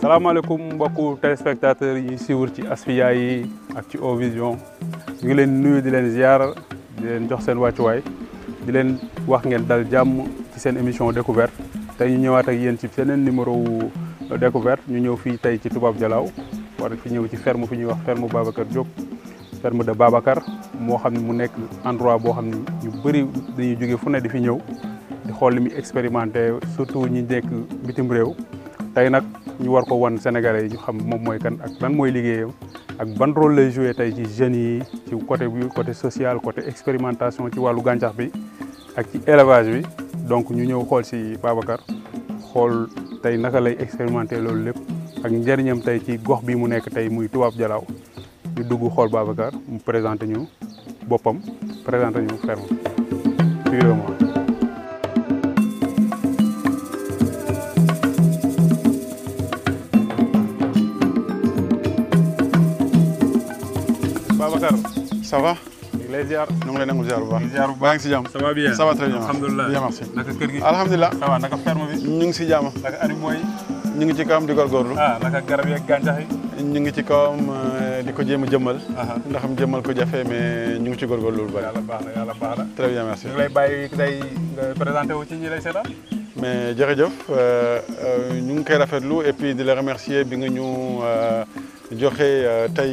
salaamaaleykum mbokku téléspectateurs yi siiwul ci Asfiya yi ak ci Ovision ñu ngi leen nuyu di leen ziar di leen jox seen wàccuwaay di leen wax ngeen dal jàmm ci seen émission découverte tey ñu ñëwaat ak yéen ci seneen numéro wu euh, découverte ñu ñëw fii tey ci tubaab Dialaw war fi ñëw ci ferme fi ñuy wax ferme Babacar Diop ferme de Babacar moo xam ne mu nekk endroit boo xam ne ñu bëri dañuy jóge fu ne di fi ñëw di xool li muy expérimenté surtout ñu nekk bitim réew tey nag ñu war ko wan Sénégalais yi ñu xam moom mooy kan ak lan mooy liggéeyam ak ban rôle lay joué tey ci jeunes yi ci côté bi côté social côté expérimentation ci wàllu gàncax bi ak ci élevage bi donc ñu ñëw xool si Babacar xool tey naka lay expérimenté loolu lépp ak njëriñam tey ci gox bi mu nekk tey muy Tubaab jalaw ñu dugg xool Babacar mu présenté ñu boppam présenté ñu ferme purement Makhtar. ça va. ñu ngi lay ziar. ñu ngi lay nangu ziar ngi si jàmm. ça va bien ça va très bien. alhamdulilah bien merci. naka kër gi ngi si jàmm. naka animaux ñu ngi ci kawam di góorgóorlu. ah naka garab ñu ngi ci kawam eh, di ko jéem a jëmmal. ndax am jëmmal ko jafe mais ñu ngi ci góorgóorlu lu bari. yàlla baax na yàlla baax na. très bien merci. ñu ngi lay bàyyi tey nga présenté wu euh, euh, ñu ngi koy rafetlu et puis di la remercier bi nga ñu euh, joxe tey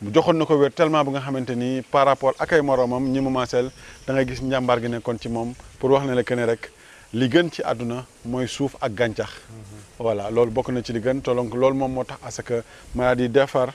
mu joxoon na ko wér tellement bu nga xamante ni par rapport akay moroomam ñi mu maaseel da nga gis njàmbaar gi nekkoon ci moom pour wax ne la kenn rek li gën ci àdduna mooy suuf ak gàncax. Mhm. voilà loolu bokk na ci li gën te donc loolu moom moo tax à ce que maladie defar.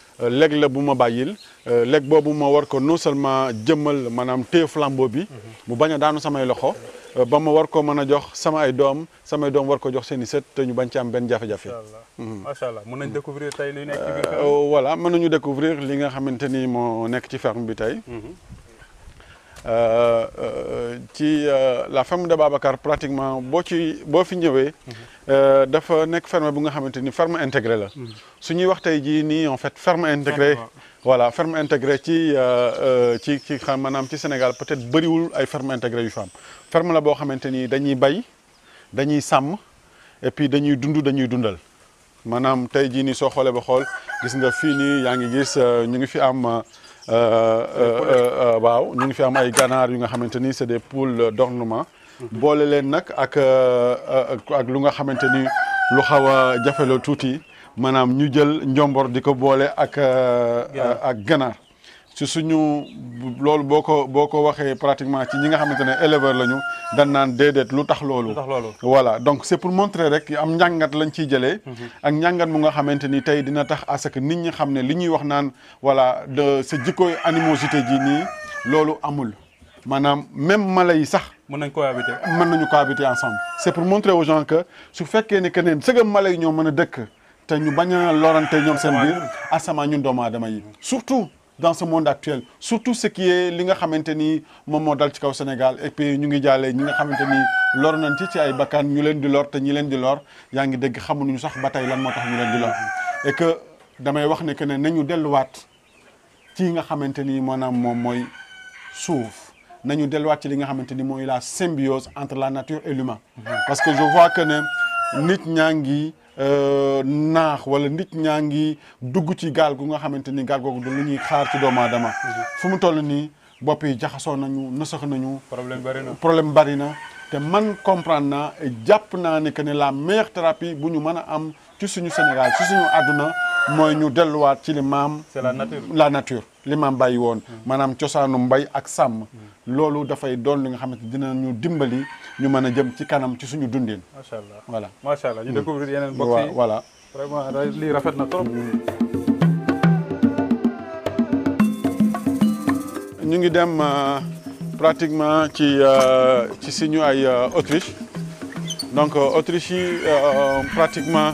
leg la bu ma bayil euh, leg bobu ma war ko non seulement jëmmal manam té flambo bi mu baña daanu samay loxo euh, ba ma war ko mëna jox sama ay doom sama ay doom war ko jox seni set té ñu bañ ci am ben jafé jafé inshallah mhm. mënañ découvrir tay li nekk ci euh, biir voilà mënañu découvrir li nga xamanteni mo nekk ci ferme bi tay mhm. Euh, euh, ci euh, la ferme de Babacar pratiquement bo ci bo fi ñëwee. Mhm. dafa nekk ferme bu nga xamanteni ferme intégrée la. Mhm. suñuy wax tay ji ni en fait ferme intégrée. voilà ferme intégrée ci ci ci manam ci Sénégal peut-être bëriwul ay ferme intégrée yu femme ferme la bo xamanteni dañuy bay dañuy sam et puis dañuy dundu dañuy dundal manam tay ji ni so xolé ba xol gis nga fi ni yaa ngi gis ñu ngi fi am. Euh, euh, euh, waaw ñu ngi fi am ay ganaar yu nga xamante ni c'est des poules d'ornement boole leen nag ak ak lu nga xamante ni lu xaw a jafe tuuti maanaam ñu jël njombor di ko boole ak ak ganaar ci suñu loolu boo ko boo ko waxee pratiquement ci ñi nga xamante ne éleveur lañu dan naan déedéet lu tax loolu voilà donc c'est pour montrer rek am njàngat lañ ciy jëlee mhm. ak njàngat mu nga xamante ni tey dina tax à que nit ñi xam ne li ñuy wax naan voilà de sa jikkooy animosité ji nii loolu amul maanaam même mala yi sax mën nañ cohabiter mën nañu cohabiter ensemble c'est pour montrer aux gens que su fekkee ne que neen sëgam mala yi ñoo mën a dëkk te ñu bañ a lorante ñoom seen biir asamaan ñun doomu aadama yi dans ce monde actuel surtout ce qui est ce nga ni Sénégal et puis nous ngi jàllee ñi nga lor nañ ci ci ay ñu di lor ñi avons lor Nous nous sax nous lor et que damay wax ne que nous ci nga nous Nous ci la symbiose entre la nature et l'humain mm-hmm. parce que je vois que nous gens, Euh, naax wala nit ñaa ngi dugg ci gaal gu nga xamante ni gaal googu du lu ñuy xaar ci doomu aadama fu mu toll nii bopp yi jaxasoo nañu nësax nañu. problème bari na problème bari na te man comprendre naa jàpp naa ne que ne la meilleure thérapie bu ñu mën a am. ci suñu Sénégal ci suñu àdduna mooy ñu delluwaat ci li maam. c'est la nature la nature li maam bàyyi woon. maanaam cosaanu mbay ak sàmm. loolu dafay doon li nga xamante dina ñu dimbali ñu mën a jëm ci kanam ci suñu dundin. macha allah voilà macha allah ñu découvrir yeneen mbokk yi voilà vraiment euh, lii rafet na trop. ngi dem euh, pratiquement ci euh, ci suñu ay Autriche donc Autriche yi pratiquement.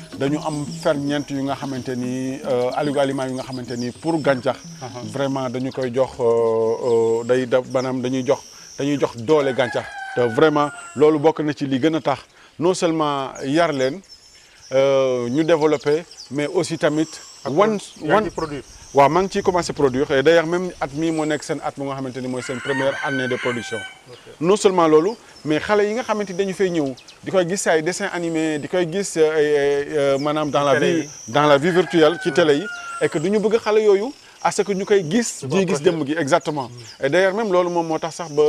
dañu am ferñent yu nga xamante ni alug euh, aliment yu nga xamante ni pour gàncax uh-huh. vraiment dañu koy jox euh, euh, day da maanaam dañuy jox dañuy jox doole gàncax te vraiment loolu non seulement yar leen ñu développer mais aussi tamit wan wan waaw maa ngi ciy commencé produire et d'ailleurs même at mii moo nekk seen at mu nga xamante ni mooy première année de production non seulement loolu mais xale yi nga xamante ni dañu fay ñëw di koy gis ay dessin animé di koy gis euh, euh, maanaam dans la vie dans la vie virtuelle qui télé yi et que duñu bëgg xale yooyu à ce que ñu koy gis ji gis jëmm gi exactement mm. et d'ailleurs même loolu moom moo tax sax ba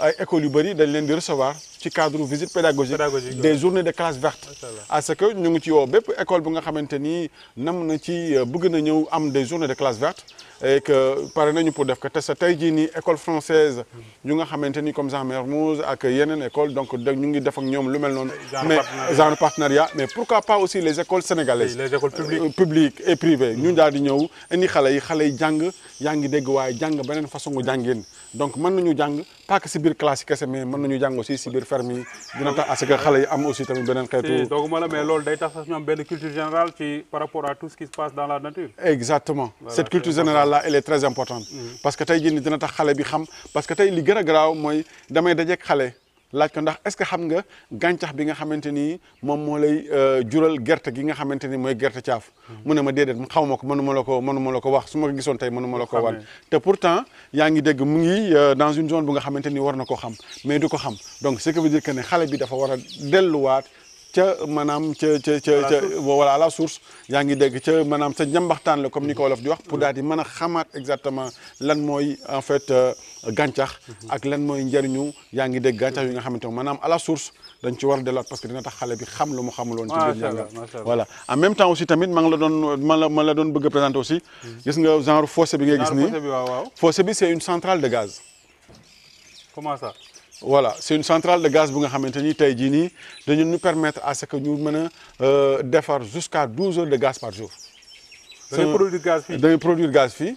ay écoles yu bëri dañ leen di recevoir ci cadre visite pédagogique des journées de classe verte à ce que ñu ngi ci woo bép école bu nga xamanteni nam na ci euh, bëgg na ñëw am des journées de classe verte et que paré nañu pour def que te sa tey jii école française ñu nga xamanteni comme Jean Mermoz ak yenen école donc ñu ngi def ak ñom lu mel non mais genre partenariat mais pourquoi pas aussi les écoles sénégalaises les écoles euh, publiques et privées ñu daal di ñëw indi xalé yi xalé yi jàng yaa ngi dégg way jang benen façon jàngeen donc mën nañu jang pas que si classique classe mais mën nañu jàng aussi si biir ferme dina tax parce que xale yi am aussi tamit beneen xeetu dooguma la mais loolu day tax sax ñu benn culture générale ci par rapport à tout ce qui se passe dans la nature exactement cette culture générale là elle est très importante mhm. parce que tay jii dina tax xalé bi xam parce que tay li gën graw moy mooy damay dajeeg xalé ndax est-ce que xam nga gàncax bi nga xamante euh, gerte gi nga gerte hmm. ne ma pourtant dans une zone nga xam mais du donc ce que veut dire que ne xale bi dafa voilà la source ca comme pour exactement lan en fait euh, gàncax ak lan moy njariñu yaangi ngi dégg yi nga xamante manam maanaam à la source dañ ci war a parce que dina tax xalé bi xam lu mu xamuloon ci biir njàngal voilà en même temps aussi tamit ma ngi la don ma la don bëgg présenter aussi gis nga genre fossé bi ngay gis ni fossé bi c'est une centrale de gaz comment ça voilà c'est une centrale de gaz bu nga xamante ni tey jii dañu ñu permettre à ce que ñu mëna euh défar jusqu'à 12 heures de gaz par jour dañuy produire gaz fi dañuy produire gaz fi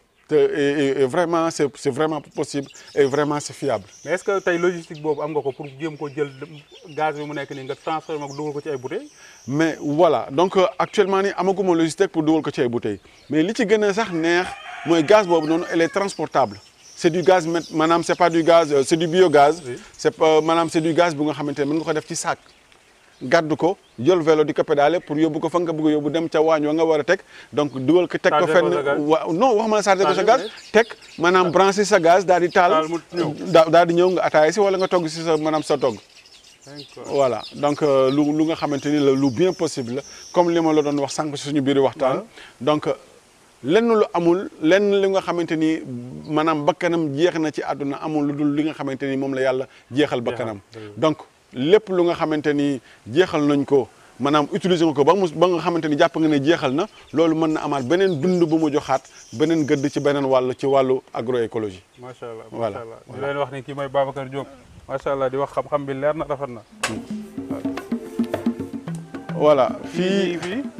c'est vraiment c'est vraiment possible et vraiment c' fiable. mais est ce que tey logistique boobu am nga ko pour jéem ko jël gaz bi mu nekk nii nga transformé ko dugal ko ci ay bouteilles. mais voilà donc euh, actuellement nii mon logistique pour dugal ko ci ay bouteilles mais li ci gën a sax neex mooy gaz boobu noonu elle est transportable. c'est du gaz madame c'est pas du gaz euh, c'est du biogaz. c'est est euh, maanaam c' du gaz bu nga xamante ne mën nga ko def ci saak. gaddu ko jël vélo di ko pédalé pour yobbu ko fanga bëgg yobbu dem ca wañu nga wara tek donc duwal ko tek ko fenn non wax ma la sarté sa gaz tek manam ah. brancher sa gaz dal di tal dal di ñew nga atay ci wala nga togg ci sa manam sa togg voilà donc euh, lu lu nga xamanteni la lu bien possible comme lima la doon wax sank suñu biir waxtaan ah. donc euh, lenn lu amul lenn li nga xamanteni manam bakkanam jeex na ci aduna amul lu dul li nga xamanteni mom la yalla jeexal bakkanam donc lépp lu nga xamante ni jeexal nañ ko maanaam utiliser nga ko ba mu ba nga xamante ni jàpp nga ne jeexal na loolu mën na amaat beneen dund bu mu joxaat beneen gëdd ci beneen wàll ci wàllu agroécologie. macha allah voilà di leen wax ni kii mooy Babacar Diop macha allah di wax xam-xam bi leer na rafet na. fii.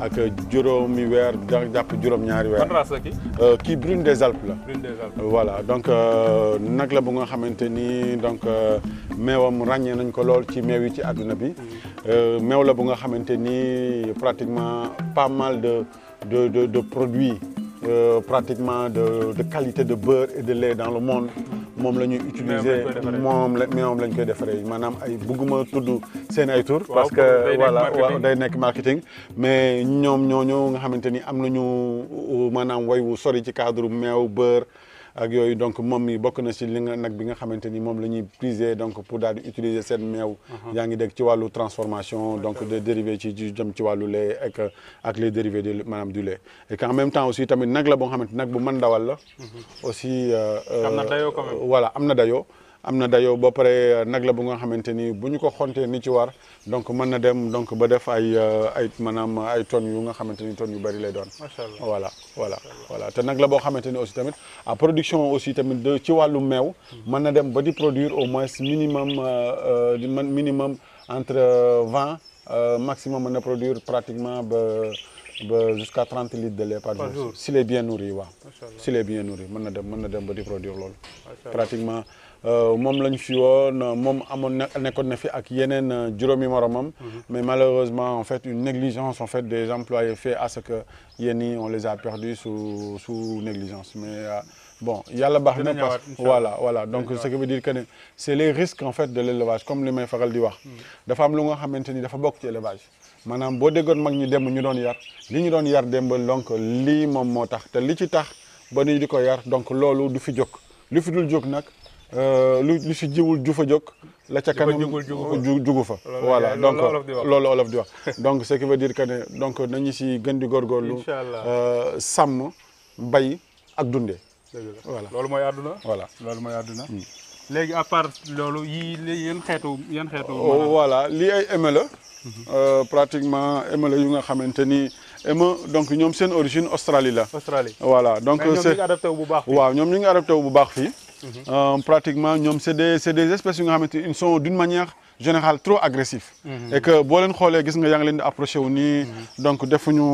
ak juroomi weer jàpp juróom-ñaari weer. ban race la euh, kii. brune des Alpes la. brune des Alpes voilà donc euh, nag la bu nga xamante ni donc euh, meewam ràññee nañ ko lool ci meew yi ci àdduna bi. Mm-hmm. meew la bu nga xamante ni pratiquement pas mal de de de de produits euh, pratiquement de, de, qualité de beurre et de lait dans le monde Mom la ñuy utiliser mom la moom lañ Madame defaree maanaam ay bëgguma tudd ay tour parce que voilà waaw day marketing mais ñoom ñooñu nga xamante ni am nañu maanaam way wu sori ci cadre meew beurre ak yooyu donc moom mi bokk na ci donc pour utiliser cette uh-huh. ci transformation donc de dérivés ci jëm ci wàllu lait ak les dérivés de maanaam du lait et en même temps aussi tamit nag la boo xamante bu dawal la aussi voilà amna dayo dayoo ba pare nag la bu nga xamanteni buñ ko xonté ni ci war donc mën na dem donc ba def ay euh, ay manam ay ton yu nga xamanteni ton yu bari lay doon. macha allah voilà voilà. voilà te nag la boo xamante aussi tamit à production aussi tamit de ci walu mew mën na dem ba di produire au moins minimum euh, euh, di minimum entre 20 euh, maximum mën produire pratiquement ba. ba jusqu'à 30 litres de lait par, jour. jour. S'il est bien nourri, waaw. S'il est bien nourri, mën na dem mën dem ba di produire loolu. pratiquement euh, mom lañ fi woon moom amoon nekkoon na fi ak yenen euh, juróomi moromam. Mhm. mais malheureusement en fait une négligence en fait des employés fait à ce que yéen on les a perdus sous sous négligence mais euh, bon yalla baxna parce voilà voilà donc ce qui veut dire que c'est les risques en fait de l'élevage comme li may faral di wax. Mhm. dafa am lu nga xamanteni dafa bokk ci élevage. manam bo déggoon mag ñu dem ñu doon yar li ñu doon yar démb donc li mom motax te li ci tax ba ñu diko yar donc lolu du fi jóg li fi dul jóg nak euh, lu lu si jiwul ju fa la ca kanam jugu fa voilà donc loolu olof di wax donc ce qui veut dire que ne donc nañu ci gën di euh sam bay ak dundé voilà loolu moy aduna voilà loolu moy aduna hmm. légui à part loolu yi yan xeetu yeen xeetu oh, voilà li ay éme mhm. euh pratiquement éme yu nga xamanteni ni donc ñom sen origine Australie la Australie voilà donc c'est adapté wu bu baax waaw ngi adapté wu bu baax fi euh, pratiquement c'est des espèces qui sont d'une manière général trop agressif. Mhm. et que bo len xoolee gis nga yang len leen di mhm. donc defuñu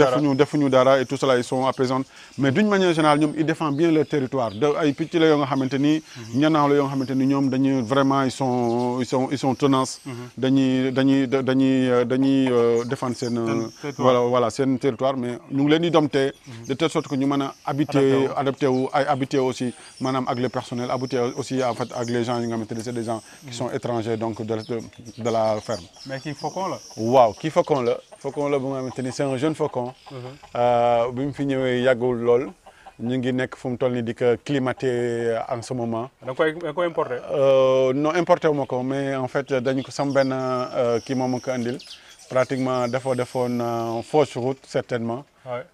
defuñu defuñu dara et tout cela ils sont apaisants mais d'une manière générale ñoom ils défendent bien leur territoire de ay picc la yo nga xamanteni ni. Mhm. ñanaaw la nga xamanteni ñom vraiment ils sont ils sont ils sont tenaces. dañuy dañuy dañuy dañuy euh, défendre sen euh, voilà voilà sen territoire mais ñu ngi leen di de telle sorte que ñu mën habiter adapté ou ay habiter aussi manam ak le personnel habiter aussi en fait ak les gens yi nga xamanteni c'est des gens qui sont étrangers donc de, de la ferme. mais qui faucon là? Wow, qui faucon là? faucon là, bon, maintenant c'est un jeune faucon. Mhm. Euh, bi mu fi ñëwee yàggul lool. ñu ngi nekk fum tolni climaté en ce moment. donc koy da koy euh, non importé wu mais en fait dañ ko sam ben kii moom ma ko andil pratiquement dafa defoon fausse route certainement.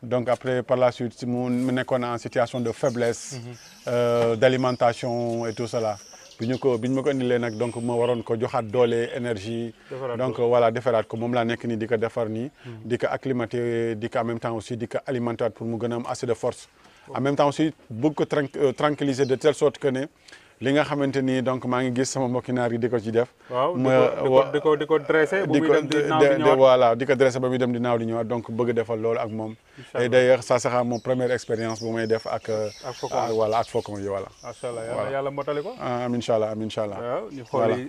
donc après par la suite mon nekkoon en situation de faiblesse. Mhm. d'alimentation et tout cela bi ñu ko bi ñu ma ko indilee nag donc ma waroon ko joxaat doole énergie. donc voilà defaraat ko moom laa nekk ni di ko defar nii. Hmm. di ko acclimater di ko en même temps aussi di ko alimenter pour mu gën a am assez de force. en même temps aussi bëgg ko euh, tranquilliser de telle sorte que ne. li nga xamante ni donc maa ngi gis sama mbokki naar yi di ko ci def. waaw di ko di ko dressé. bu muy di ko dressé ba muy dem di naaw di ñëwaat donc bëgg defal loolu ak moom. incha allah d'ailleurs ça sera première expérience bu may def ak. ak Fokong euh, ah, voilà ak Fokong yi voilà. macha allah yàlla yàlla motali ko. amiin allah amiin incha allah. waaw ñu xooli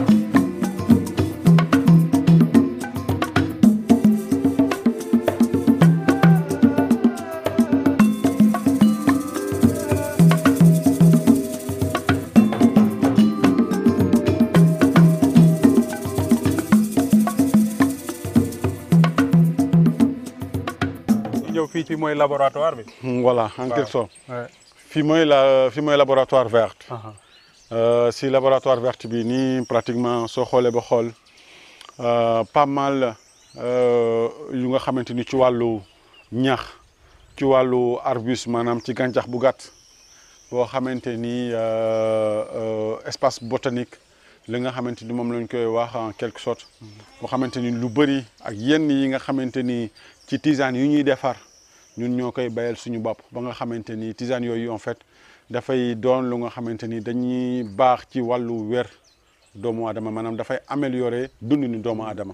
fii ci mooy laboratoire bi. Hmm, voilà en quelque sorte. fii mooy la fii mooy laboratoire verte. Euh, si laboratoire verte bi nii pratiquement soo xoolee ba xool euh, pas mal euh, yu nga xamante ni ci wàllu ñax ci wàllu arbuste maanaam ci gàncax bu gàtt boo xamante ni espace botanique. li nga xamante ni moom lañ koy wax en quelque sorte hmm. boo xamante ni lu bëri ak yenn yi nga xamante ni ci tisane yu ñuy defar ñun ñoo koy bayal suñu bopp ba nga xamante ni tisane yooyu en fait dafay doon lu nga xamante ni dañuy baax ci wàllu wér doomu aadama maanaam dafay améliorer dund ni doomu aadama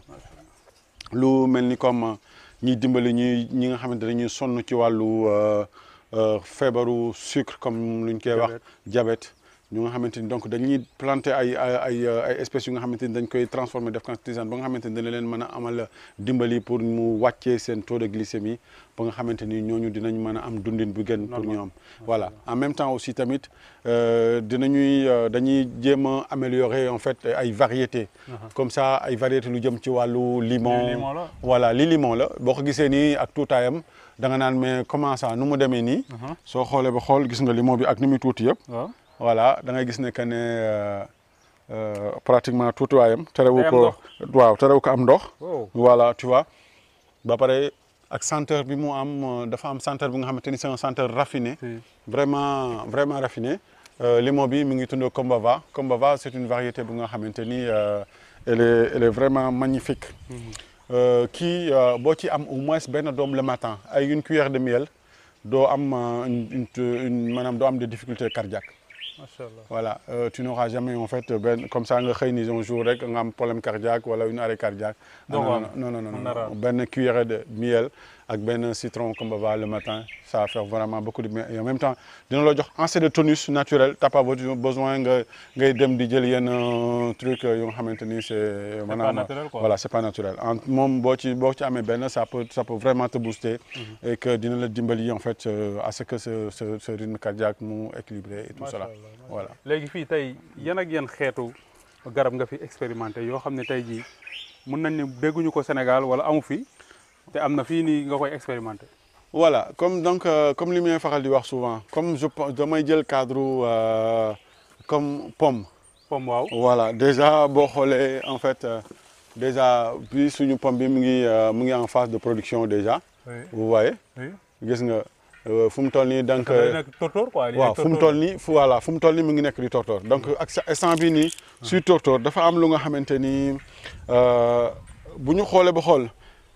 lu mel ni comme ñiy dimbali ñi ñi nga xamante dañuy sonn ci wàllu euh, euh, feebaru sucre comme luñ koy wax diabète ñu nga xamante ni donc dañuy planter ay ay ay espèces yu nga xamante ni dañ koy transformer def tisane ba nga xamante ni dana leen mën a amal dimbali pour mu wàccee seen taux de glycémie ba nga xamante ni ñooñu dinañ mën a am dundin bu gën pour ñu voilà en même temps aussi tamit euh, dinañuy euh, dañuy jéem a améliorer en fait ay variétés uh-huh. comme ça ay variétés lu jëm ci wàllu limon voilà li limon la boo ko gisee nii ak tuutaayam da nga naan mais comment ça nu mu demee nii uh-huh. soo xoolee ba xool gis nga limon bi ak ni muy tuuti yëpp voilà da ngay gis ne que ne euh, euh, pratiquement tuutiwaayam. terewu ko waaw terewu ko am ndox. voilà tu vois ba paré ak centre bi mu am euh, dafa am centre bi nga xamante c'est un centre raffiné. vraiment vraiment raffiné. limon bi mi ngi tudd combava combava c'est une variété bi nga xamante ni elle est elle est vraiment magnifique. qui mm-hmm. bo ci am au moins ben dom le matin ay une cuillère de miel do am une une manam do am des difficultés cardiaques voilà euh, tu n'auras jamais en fait euh, ben, comme ça un jour rek problème cardiaque voilà une arrêt cardiaque. Ah, non non non non cuillère de miel avec ben citron comme ça le matin. Ça va faire vraiment beaucoup de bien. Et en même temps, nous avons assez de tonus naturel. Tu n'as pas besoin de faire un truc qui euh, est euh, pas naturel. Voilà, c'est pas naturel. En mom, si tu as ben, ça peut, vraiment te booster mm-hmm. et que tu le dimbali en fait euh, à ce que ce, ce, ce rythme cardiaque soit équilibré et tout cela. Voilà. Les filles, il y en a qui ont fait garab nga fi expérimenté yoo xam ne tey jii nañ Sénégal wala amu fi et voilà comme donc euh, comme les souvent, souvent comme je le cadre euh, comme pomme. pomme wow. voilà déjà en fait euh, déjà bi suñu pomme bi en phase de production déjà. vous voyez. Oui. nga donc. tortor quoi voilà fum tolni mu tortor donc mm. ak a ah. sur tortor dafa am lu nga xamanteni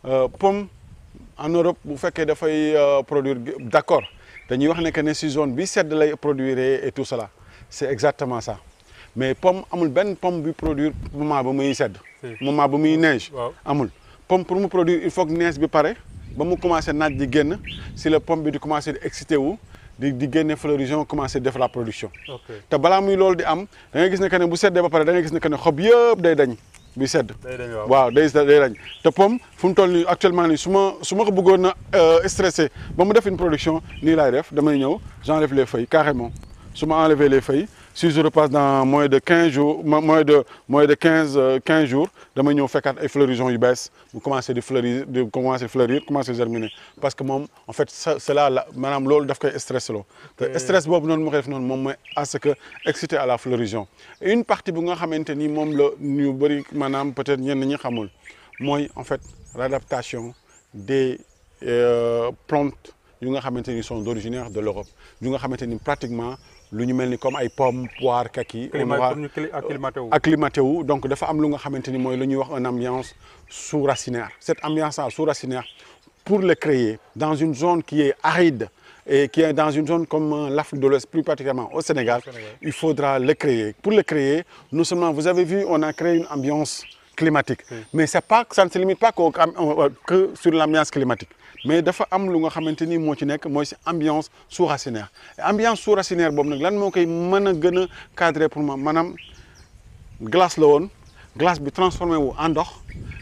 euh, pomme en Europe bu fekkee des euh, produire d'accord. accord dañuy wax ne que ne saison zone bi sedd lay produire et tout cela C'est exactement ça mais pomme amul ben pomme bi produire moment ba muy sedd. moment ba muy neige. amul pomme pour nous produire il faut que neige bi Bon, ba mu notre naaj di génn si la pomme bi di commencé di excité wu. di di génne floraison commencer def la production. te balaa muy l'ol di am da ngay gis ne que ne bu seddee ba pare da ngay gis ne que ne xob yëpp day dañ bi sedd waaw day day rañ te pomme toll nii actuellement nii su ma su ma ko bëggoon a euh, stressé ba mu def une production ni laay def damay ñëw j'enlève les feuilles carrément su enlever les feuilles si je repasse dans moins de 15 jours moins de moins de 15 15 euh, jours dama ñëw fekkaat ay floraison yu baisse, mu commencez de fleurir commencer à fleurir à germiner parce que moom en fait cela la maanaam loolu daf koy stress loo te stress boobu noonu ma def noonu moom à ce que excité à la floraison une partie bu nga xamante ni moom la ñu bëri peut-être ñenn ñi xamul mooy en fait l'adaptation des euh, plantes yu nga xamante sont originaires de l'Europe yu nga xamante pratiquement lu comme ay pomme kaki. acclimaté donc dafa am lu nga ambiance sous-racinaire cette ambiance sous-racinaire pour le créer dans une zone qui est aride et qui est dans une zone comme euh, l'Afrique de l'Ouest, plus particulièrement au Sénégal, il faudra le créer. Pour le créer, nous seulement, vous avez vu, on a créé une ambiance climatique mais c'est pas ça ne se limite pas euh, euh, que sur l'ambiance climatique mais dafa am lu nga xamante ni ci nekk mooy si ambiance sous-racinaire ambiance sous-racinaire boobu nag lan moo koy mën a gën cadré pour ma maanaam glace la glace bi transformé wu en ndox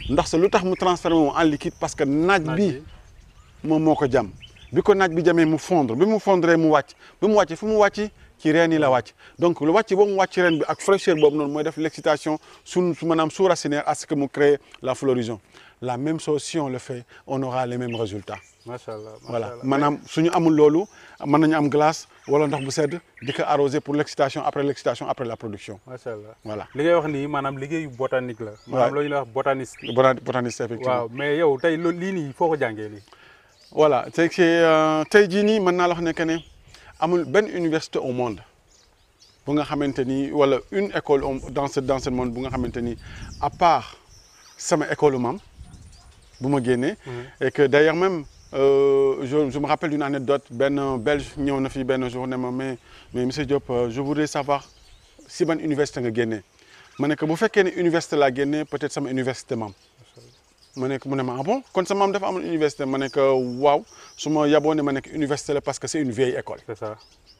c'est sa lu tax mu transformé en liquide parce que naaj bi moom moo quand jam bi ko naaj bi jamee mu fondre bi mu fondree mu elle bi mu wàcc ci reen la wacc donc lu wacc bo mu wacc reen bi ak fraîcheur boobu non moy def l'excitation sous manam sous racinaire à ce que mu créer la floraison la même chose si on le fait on aura les mêmes résultats. macha allah voilà maanaam su ñu amul lolu man nañu am glace wala ndox bu sedd di ko arroser pour l'excitation après l'excitation après la production. macha allah voilà li ngay wax ni manam liggéeyu botanique la. manam loñu wax botaniste. botaniste effectivement waaw mais yow tay li ni foko foo ko jàngee lii. voilà euh, tey jii nii man na la wax ne que ne amul ben université au monde bu nga xamanteni ni wala une école dans ce dans ce monde bu nga xamanteni ni à part sama école mam bu ma mhm. et que d'ailleurs même euh, je je me rappelle d'une anecdote ben belge ñëw na fi ben journée mais mais monsieur Diop euh, je voudrais savoir si ban université nga génnee mané que bu fekké université la génnee peut-être sama université mam ma nekk mu ne ma ah bon kon sa maam dafa am université ma nekk waaw su ma yaboo ne ma nekk université la parce que c'est une vieille école. c'est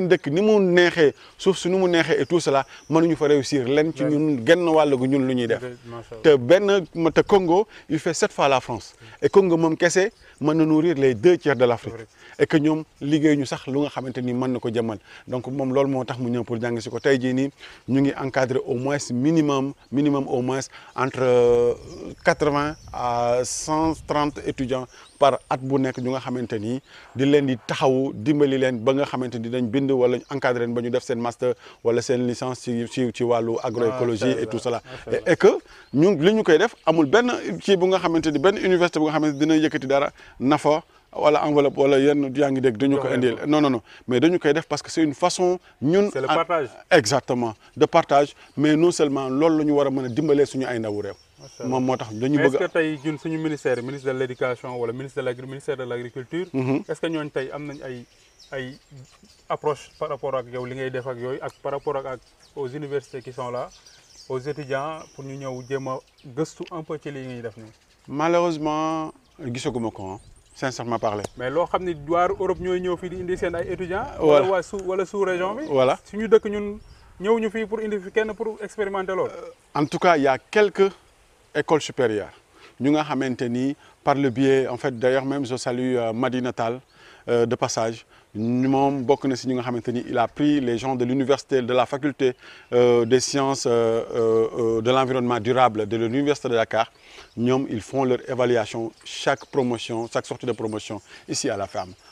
seen dëkk ni mu neexee suuf si ni mu et tout cela mënuñu fa réussir len ci ñun genn wàll gu ñun lu def te benn te Congo il fait cette fois la France et Congo moom kese mën na nourrir les deux tiers de l'Afrique et que ñoom liggéey ñu sax lu nga xamante ni mën na ko jëmal donc moom loolu moo tax mu ñëw pour jàng si ko tey jii nii ñu ngi encadrer au moins minimum minimum au moins entre euh, quatre-vingts à cent trente étudiants par at bu nekk ñu nga xamante ni di leen di taxaw dimbali leen ba nga xamante ni dañ bind wala ñu encadré ba ñu def seen master wala seen licence ci ci ci wàllu agroécologie et tout cela ah, et que ñu li ñu koy def amul benn ci bu nga xamante ni benn université bu nga xamante dina yëkkati dara nafa wala enveloppe wala yenn yaa ngi dégg dañu ko indil non non non mais dañu koy def parce que c'est une façon ñun c'est le partage exactement de partage mais non seulement loolu lañu wara mëna dimbalé suñu ay ndaw rew mom motax dañu bëgg est-ce que tay ñun suñu ministère ministre de l'éducation wala ministre de ministère de l'agriculture mhm. est-ce que ñoon tay am nañ ay ay approche par rapport ak yow li ngay def ak yooyu ak par rapport ak aux universités qui sont là aux étudiants pour ñu ñëw jëma a gëstu un peu ci li ngay def nii malheureusement gisaguma ko hein sincèrement parlé. mais lo xamni ne Europe ñoy ñëw fi di indi ay étudiants. wala sous région bi. suñu dëkk pour indi pour expérimenter euh, en tout cas il y a quelques écoles supérieures ñu nga xamanteni par le biais en fait d'ailleurs même je salue euh, Madinatal Natal euh, de passage. Nous il a pris les gens de l'université de la faculté euh, des sciences euh, euh, de l'environnement durable de l'université de Dakar Nous ils font leur évaluation chaque promotion chaque sortie de promotion ici à la ferme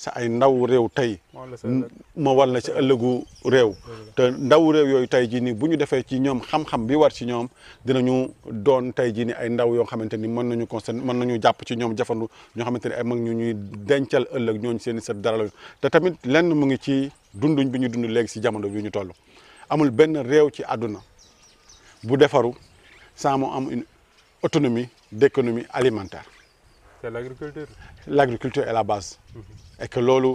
sa ay ndaw réew tey ma wal la ci ëllëgu réew te ndaw réew yooyu tey jii nii bu ñu defee ci ñoom xam-xam bi war ci ñoom dinañu doon tey jii ni ay ndaw yoo xamante ni mën nañu concerné mën nañu jàpp ci ñoom jafandu ñoo xamante ni ay mag ñu ñuy dencal ëllëg ñooñ seen i sa dara la te tamit lenn mu ngi ci dunduñ bi ñu dundu léegi si jamono bi ñu toll amul benn réew ci àdduna bu defaru sans mu am une autonomie d'économie alimentaire. c'est l'agriculture. l'agriculture la base. Mm-hmm. et que lolu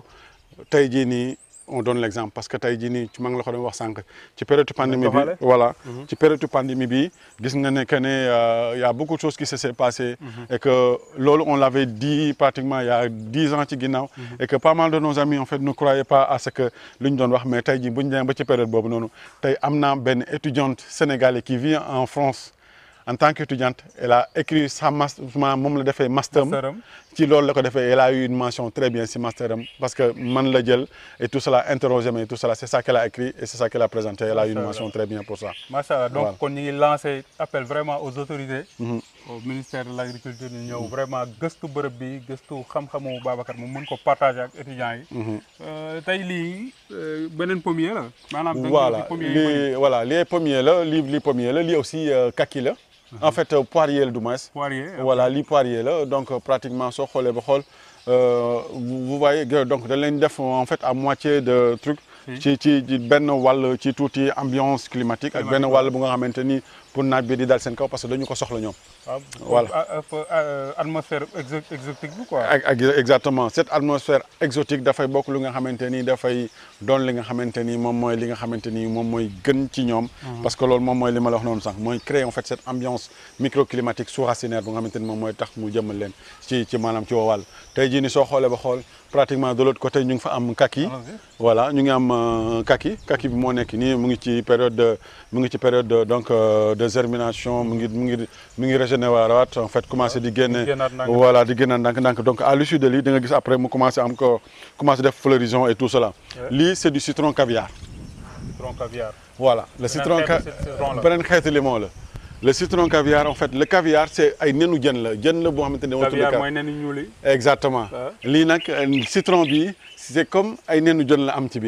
tey jii on donne l'exemple parce que tey jii nii ci mang ngi la ko wax sank ci période pandémie bi voilà mhm. ci période pandémie bi gis nga ne que ne euh, y a beaucoup de choses qui se sont passées mhm. et que lolu on l'avait dit pratiquement il y a dix ans ci ginnaaw mhm. et que pas mal de nos amis en fait ne croyaient pas à ce que luñ ñu doon wax mais tey jii bu ba ci période bobu noonu tay amna ben étudiante sénégalais qui vit en France en tant qu'étudiante elle a écrit sa master moom la defee master ci loolu la ko elle a eu une mention très bien sur master parce que man la et tout cela interrogé mais tout cela c'est ça qu'elle a écrit et c'est ça qu'elle a présenté elle a eu une mention très bien pour ça macha donc kon ñu ngi lancé appel vraiment aux autorités mhm. au ministère de l'Agriculture, agriculture ñu vraiment gestu bërëb bi gëstu xam-xamu Babacar mu mën ko partagé ak étudiants yi mhm. euh, tey lii euh, beneen pommier la maanaam voilà lii voilà les pommiers là, livre les pommier là, lii aussi euh, kaki là en fait euh, poirier la du voilà l'i poirier là. donc euh, pratiquement ce xoolee ba euh, vous voyez donc de l'indef, en fait à moitié de truc. ci ci benn wàll ci ambiance climatique. ak Ben, wàll bu nga pour naaj bi di dal seen kaw parce que dañu ko soxla ñoom. Ah, voilà ah, ah, euh, atmosphère exotique bi quoi. exactement cette atmosphère exotique dafay bokk lu nga xamante ni dafay doon li nga xamante ni moom mooy li nga xamante ni moom mooy gën ci ñoom. Mhm. parce que loolu moom mooy li ma la wax noonu sax mooy créer en fait cette ambiance microclimatique sous-racinaire bu nga xamante ni moom mooy tax mu jëmmal leen ci ci maanaam ci wàll tey jii ni soo xoolee ba xool pratiquement de l'autre côté ñu ngi fa am kaki. voilà ñu ngi am euh, kaki kaki bi moo nekk nii mu ngi ci période mu ngi ci période donc. Euh, germination mu ngi mu régénérer en fait commencer di génne voilà di génnaat Donc, donc, donc à l'issue de lii da nga gis après mu commencer am ko commencer def floraison et tout cela li c'est du citron caviar citron caviar voilà le citron beneen xeetu limon la le citron caviar en fait le caviar c'est ay nenu jën la jën la boo xamante ne. caviar nenu exactement li nak euh, citron bi c'est comme ay nenu jën la am ci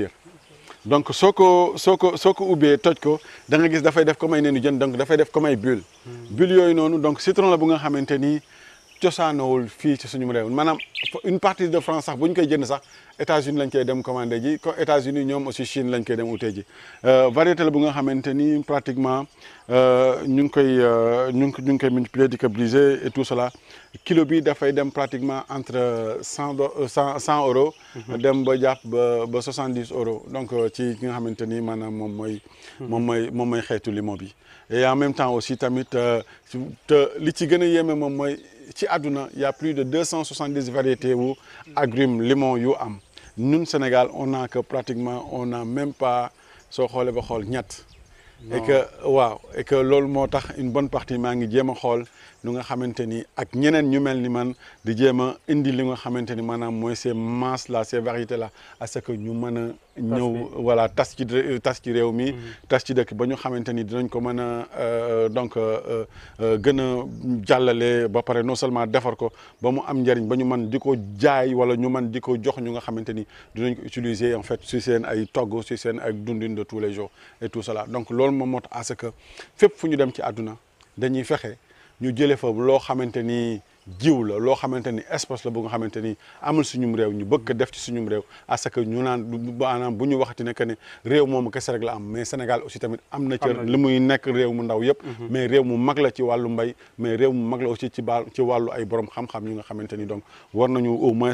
donc soo ko soo ko soo ko ubbee toj ko da gis dafay def comme ay neenu jën donc dafay def comme ay bulle hmm. bulle yooyu noonu donc citron la bu nga xamante ni cosaanoowul fii ci suñu réew maanaam une partie de France sax bu ñu koy jënd sax États-Unis lañ koy dem commandé ji ko États-Unis ñoom aussi Chine lañ koy dem utee ji euh, variété la bu nga xamante ni pratiquement euh, ñu ngi koy euh, ñu ngi ñu ngi multiplier di ko briser et tout cela kilo bi dafay dem pratiquement entre 100 cent euros. Mhm. dem ba jàpp ba ba euros donc ci ki nga xamante ni maanaam moom mooy. Mhm. moom mooy moom mooy limon bi. et en même temps aussi tamit te li ci gën a yéeme moom ci àdduna y' a plus de 270 variétés ou agrumes limon yu am au Sénégal on a que pratiquement on a même pas so xoolee ba xol ñett. et que waaw et que lool motax une bonne partie maa ngi jéem a nous nga xamanteni ak ñeneen ñu melni man di jéem indi li nga xamanteni manam moy c'est ces masses là ces variétés là à ce que ñu mën ñëw voilà tas ci euh, tas ci réew mi mhm. tas ci dëkk ba ñu xamante dinañ ko mëna euh donc euh, euh gëna jallalé ba paré non seulement defar ko ba mu am njëriñ ba ñu mën di jaay wala ñu mën diko jox ñu nga xamanteni dinañ ko utiliser en fait ci seen ay togg ci seen ak dundin de tous les jours et tout cela donc lool mo mot à ce que fep fu ñu dem ci aduna dañuy fexé ñu jëlé fa lo xamanteni jiw la loo xamante ni espace la bu nga xamante ni amul suñum réew ñu bëgg def ci suñum réew parce que ñu naan maanaam bu ñu waxati ne que ne réew moom kese rek la am mais Sénégal aussi tamit am na cër li muy nekk réew mu ndaw yëpp mhm. mais réew mu mag la ci wàllu mbay mais réew mu mag la aussi ci baal ci wàllu ay borom xam-xam yu nga xamante ni donc war nañu au moins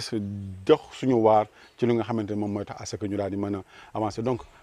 jox suñu waar ci li nga xamante ni moom moy tax à ce ñu daal di mën a avancer donc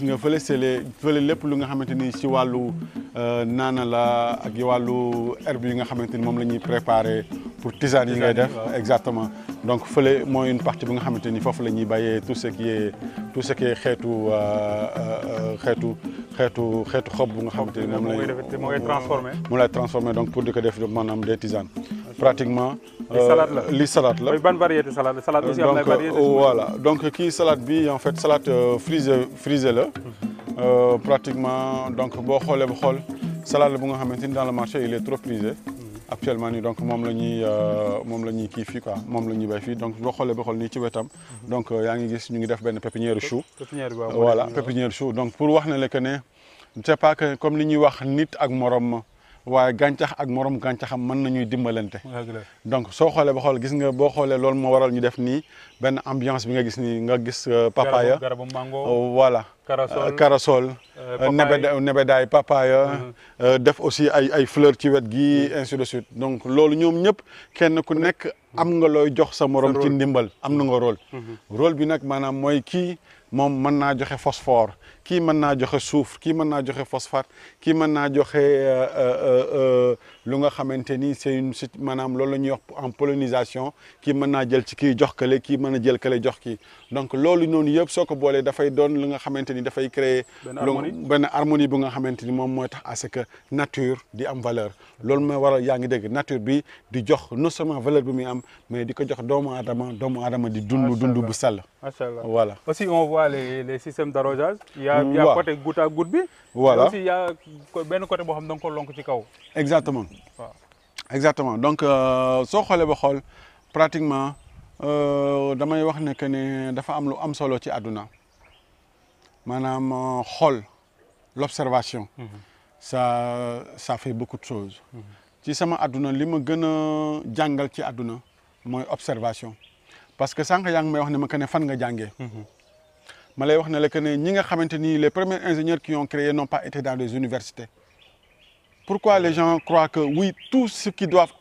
gis nga fële sele fële lépp lu nga xamante ni ci wàllu euh, naana la ak yi wàllu herbe yi nga xamante ni moom la ñuy préparer pour tisane yi ngay def exactement donc fële mooy une partie bi nga xamante ni foofu la ñuy bàyyee tout ce qui est tout ce qui est xeetu euh, euh, xeetu xeetu xeetu xob bu nga xamante ni moom la moo lay transformé moo lay transformé donc pour di ko def maanaam des tisanes pratiquement li salade la li ban variété salade la salade aussi am na variété voilà donc kii salade bi en fait salade frisée frisée la euh, pratiquement donc boo xoolee ba xool salade la bu nga dans le marché il est trop prisé. Mm-hmm. actuellement donc mom lañuy ñuy moom la ñuy euh, quoi mom lañuy bay fi donc bo xolé bo xol ni ci wétam mm-hmm. donc euh, ya ngi gis ñu ngi def ben pépinière chou. pépinière voilà pépinière chou donc pour wax ne le que ne c'est pas que comme li ñuy wax nit ak morom. waye gantax ak morom gàncaxam man nañuy dimbalante donc so xolé bo xol gis nga bo xolé lool mo waral ñu def ni ben ambiance bi nga gis ni nga gis euh, papaya garabu mango euh, voilà corossol nebe nebedaay papaya hum. euh, def aussi ay ay fleur ci wet gi hum. ainsi de suite donc lolu ñom ñep kenn ku nek hum. am nga loy jox sa morom ci ndimbal am na nga rôle rôle bi nak manam moy ki mom mën joxe phosphore ki mën naa joxe soufre ki mën joxe phosphate kii mën naa joxe lu nga xamanteni c'est une manam loolu ñuy wax en pollinisation ki mën naa jël ci ki jox kale kii mën a jël kële jox kii donc lolu non yëpp soko bolé da fay don li nga xamanteni da fay créer ben harmonie bu nga xamanteni mom moy tax à ce que nature di am valeur lolu mooy waral yaangi ngi dégg nature bi di jox non seulement valeur bi mi am mais di ko jox doomu adama doomu adama di dundu dundu bu sell voilà aussi on voit les les systèmes d'arrosage il y a y a côté goutte à goutte bi voilà aussi il y a ben côté bo xam da ko lonk ci kaw exactement exactement donc euh, so xolé ba xol pratiquement euh, damay wax ne que ne dafa am lu am solo ci aduna manam euh, xol l'observation mhm. ça ça fait beaucoup de choses mhm. ci sama aduna li ma gën a ci aduna moy observation parce que sank yaa ngi may wax ne ma que fan nga jàngee mhm. ma lay wax ne que ne ñi nga xamanteni les premiers ingénieurs qui ont créé n'ont pas été dans des universités pourquoi les gens croient que oui tout ce qui doivent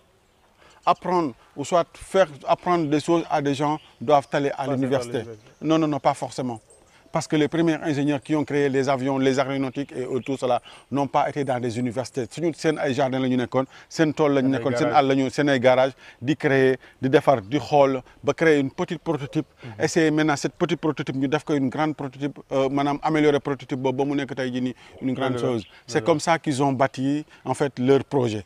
apprendre ou soit faire apprendre des choses à des gens doivent aller à l'université. Non, non, non, pas forcément. Parce que les premiers ingénieurs qui ont créé les avions, les aéronautiques et tout cela n'ont pas été dans des universités. Si nous sommes des jardins, des des garages, de créer, de faire du hall, de créer une petite prototype. Mhm. Essayer maintenant cette petite prototype, nous devons une grande prototype, euh, madame, améliorer le prototype, une grande chose. C'est comme ça qu'ils ont bâti en fait leur projet.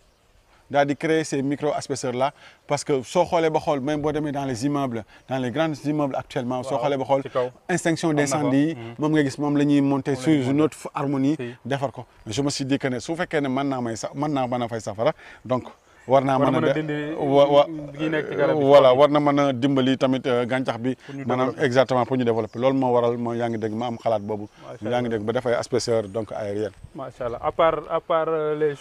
d'aller créer ces micro asperseurs là parce que soo xoolee ba même dans les immeubles dans les grands immeubles actuellement soo xoolee ba extinction d'incendie incendies mm-hmm. moom nga gis moom la ñuy monter sur notre harmonie je me suis dit que ne su fekkee ne mën naa may sa mën naa mën fay donc war naa mën a voilà war na mën a dimbali tamit eh, gàncax bi maanaam exactement pour ñu développer loolu moo waral ma yaa ngi dégg ma am xalaat boobu yaa ngi dégg ba dafay aspecteur donc aérienne. macha allah à part à part euh, les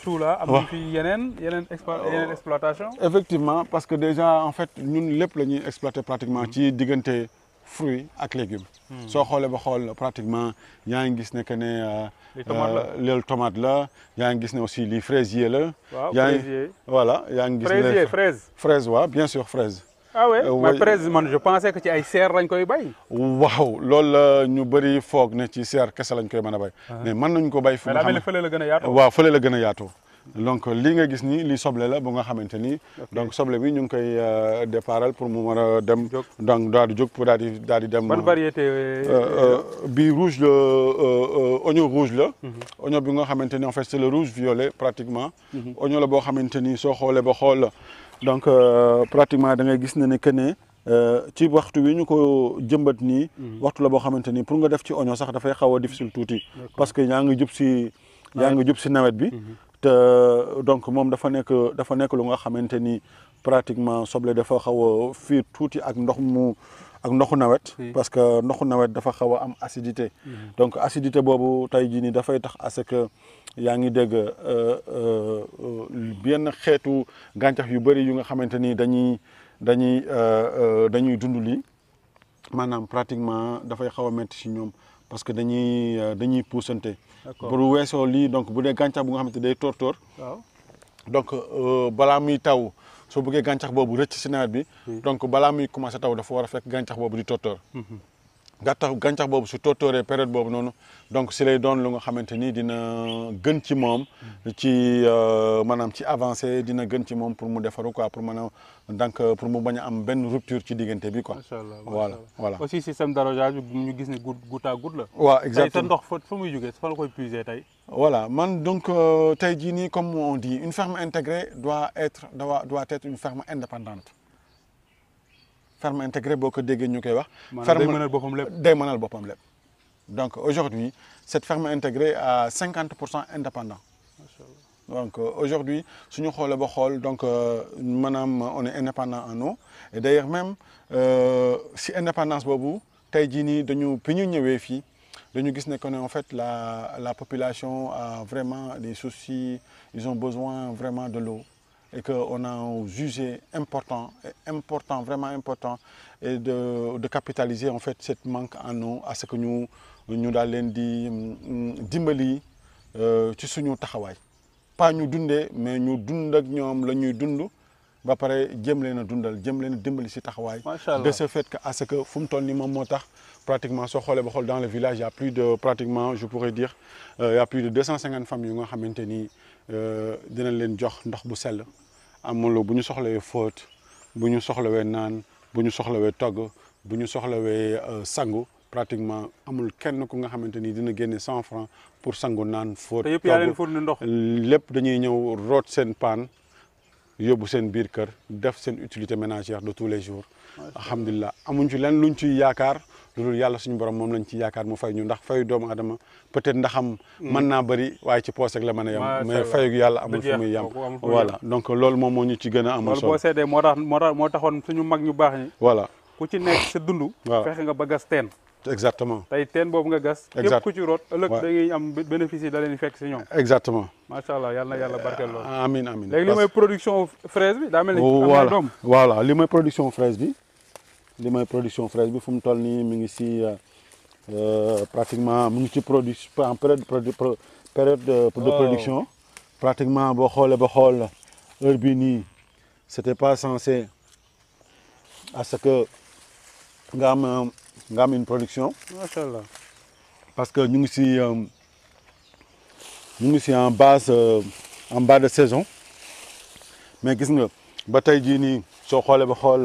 euh, en fait ñun lépp la exploiter pratiquement ci diggante. fruits ak légumes. Hmm. soo xoolee ba xool pratiquement yaa ngi gis ne que ne. Euh, li tomate la euh, tomate là, yaa ngi gis ne aussi les fraisier la. waaw fraisier voilà yaa ngi gis. fraisier fraise fraise waaw bien sûr fraise. ah ouais? Euh, mais fraise man je pensais que ci ay serre lañ koy bay. waaw loolu la ñu bëri foog ne ci serre kese lañ koy mën a bay. Ah. mais mën nañ ko bay fu nga xam ne mais daa mel ni fële la gën a yaatoo. waaw fële la gën a donc li nga gis ni li soble la bu nga xamanteni donc soble bi ñu koy euh, déparal pour mu mën a dem donc daal di jóg pour daal di daal di dem ban euh, variété euh, bi rouge la oignon rouge la mhm. oignon bi nga xamanteni en fait c'est le rouge violet pratiquement mhm. oignon la bo xamanteni so xolé ba xol donc pratiquement da nga gis ne ne que ne ci waxtu wi ñu ko jëmbat ni mhm. waxtu la bo xamanteni pour nga def ci oignon sax da fay a difficile touti parce que yaa ngi jub si yaa ngi jub si nawet bi te donc moom dafa nekk dafa nekk lu nga xamante ni pratiquement soble dafa xaw a fiir tuuti ak ndox mu ak ndoxu nawet. parce que ndoxu nawet dafa xaw a am acidité. Mhm. donc acidité boobu tey jii nii dafay tax à que yaa ngi dégg euh, euh, benn xeetu gàncax yu bëri yu nga xamante ni dañuy dañuy euh, dañuy dund lii maanaam pratiquement dafay xaw a métti si ñoom parce que dañuy dañuy puusante. pour wesso li donc boudé gantax bu nga xamanté day tortor donc euh, bala muy taw so bëggé gantax bobu recc ci nawet bi donc bala muy commencé taw dafa wara fekk gantax bobu di tortor mhm. nga tax gàncax boobu su tootooree période bobu noonu donc si lay doon lu nga xamanteni dina gën ci mom ci euh, manam ci avancer dina gën ci mom pour mu defaru quoi pour mën donc euh, pour mu baña am ben rupture ci diggante bi quoi. voilà voilà. aussi système d'arrosage bi ñu gis ni goutte goutte la. waaw exactement tey ndox fa fa muy jógee fa la koy puiser tay voilà man donc euh, tay ji ni comme on dit une ferme intégrée doit être doit doit être une ferme indépendante ferme intégrée beaucoup de déggee qui koy wax. ferme day mënal boppam lépp day donc aujourd'hui cette ferme intégrée à 50 indépendant. donc euh, aujourd'hui suñu nous ba xool donc euh, madame on est indépendant en eau et d'ailleurs même euh, si indépendance boobu tey jii nii dañu et ñu ñëwee fii. dañu gis ne que en fait la la population a vraiment des soucis ils ont besoin vraiment de l'eau et qu'on a jugé important, important, vraiment important, et de, capitaliser en fait cette manque en nous, à ce que nous, nous allons mm, mm, euh, pas nous nous, mais nous nous nous nous, nous ba nous dundal de ce fait à ce que nous pratiquement so xolé ba dans le village y a plus de pratiquement je pourrais dire euh, y a plus de 250 femmes qui nga Euh, dinañ leen jox ndox bu sell amuloo bu ñu soxlawee fóot bu ñu soxlawee naan bu ñu soxlawee togg bu ñu soxlawee euh, sangu pratiquement amul kenn ku nga xamante ni dina génne cent franc pour sangu naan fóot yëpp yaa leen fournir ndox lépp dañuy ñëw root seen paan yóbbu seen biir kër def seen utilité ménagère de tous les jours alhamdulilah amuñ ci lenn luñ ciy yaakaar lu dul yàlla suñu borom moom lañ ci yaakaar mu fay ñu ndax fayu doomu adama peut-être ndaxam mën naa bëri waaye ci poos ak la mën a yem mais fayu yàlla amul fu muy yem a amal solo boo seetee moo tax moo tax ku ci nekk sa dund waaw nga ba gas teen exactement tey teen boobu nga gas képp ku ci root ëllëg da ngay am bénéfice yi da fekk si ñoom exactement macha production fraise bi daa mel ni voilà voilà li mooy production fraise bi de ma production fraise bi fum toll ni mi ngi si euh, euh, pratiquement mu ngi ci produit en période période de production pratiquement boo xolé ba xol heure bi ni c'était pas censé à ce que nga am nga am une production machallah parce que ñu ngi si euh, ñu ngi si en base en bas de saison mais gis nga ba tay ji ni so xolé ba xool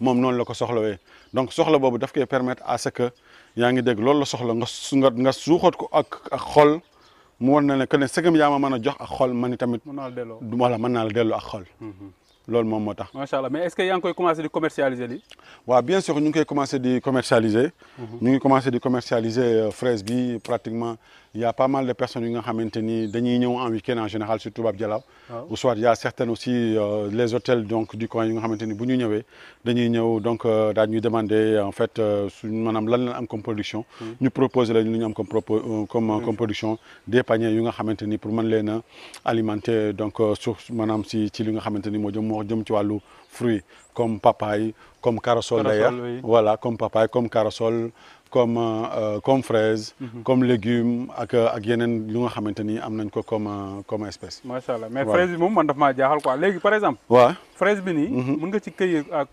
mom non la ko soxlawee donc soxla bobu daf koy permettre à ce que yaa deg dégg la soxla nga nga nga suuxat ko ak ak xol mu war na ne que ne sëgam yaa jox ak xol man tamit. mën naa la delloo voilà mën naa la ak xol. Mhm. loolu moom moo tax. macha allah mais est-ce que yang koy commencer di commercialiser li wa bien sûr ñu koy commencer di commercialiser. Mhm. ñu ngi commencer di commercialiser euh, fraise bi pratiquement il y a pas mal de personnes qui sont en week-end en général, surtout à Dialaw. Ou soit il y a certaines aussi, euh, les hôtels donc, du coin, qui sont venus, donc euh, nous demander en fait, euh, madame, là, comme production. Nous proposons là, nous comme, euh, comme, hmm. comme production des paniers qui sont pour les alimenter, donc, euh, sur, madame, si tu as des fruits comme papaye, comme carassol d'ailleurs. Voilà, comme papaye, comme carassol comme euh, comme fraise. Mhm. comme légumes, ak euh, ak yenen li nga xamanteni ni am nañ ko comme euh, comme espèce. Machallah, mais fraise bi moom man daf ma jaxal quoi léegi par exemple. waaw Fraises bi nii. Mhm. mën nga ci cueillir ak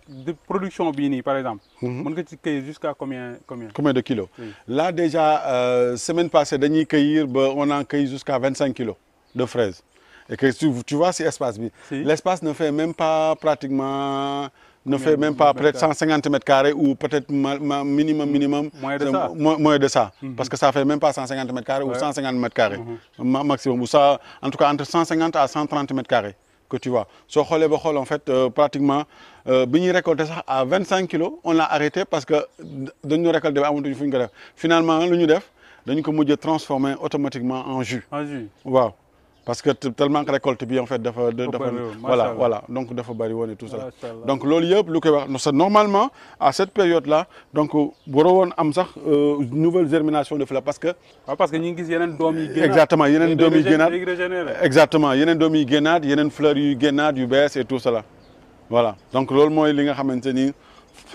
production bi ni par exemple. Mhm. mën nga ci cueillir jusqu'à combien combien. combien de kilos là déjà euh, semaine passée dañuy cueillir ba on a cueilli jusqu'à 25 cinq kilos de fraises. et que tu vois cet espace bi. l'espace ne fait même pas pratiquement ne fait même pas près de 150 mètres carrés ou peut-être minimum, minimum. Moins de ça. Mm-hmm. Parce que ça fait même pas 150 mètres carrés ou 150 mètres carrés. Mm-hmm. Maximum. ça, en tout cas, entre 150 à 130 mètres carrés que tu vois. Ce Kholebokol, en fait, euh, pratiquement, si euh, Bini récolté ça à 25 kg On l'a arrêté parce que de nous récolter, finalement, le nous avons transformé automatiquement en jus. En jus parce que tellement que récolte bien en fait dafa dafa voilà voilà donc dafa bari et tout ça donc l'olive, yëpp lu wax normalement à cette période là donc waroo am sax euh, nouvelle germination de fleurs parce que. Ah, parce que ñi gis yenen domi yi. exactement yenen domi yi exactement yenen domi yi yenen yeneen fleurs yu génnaat yu bees et tout cela voilà donc lool moy li nga xamanteni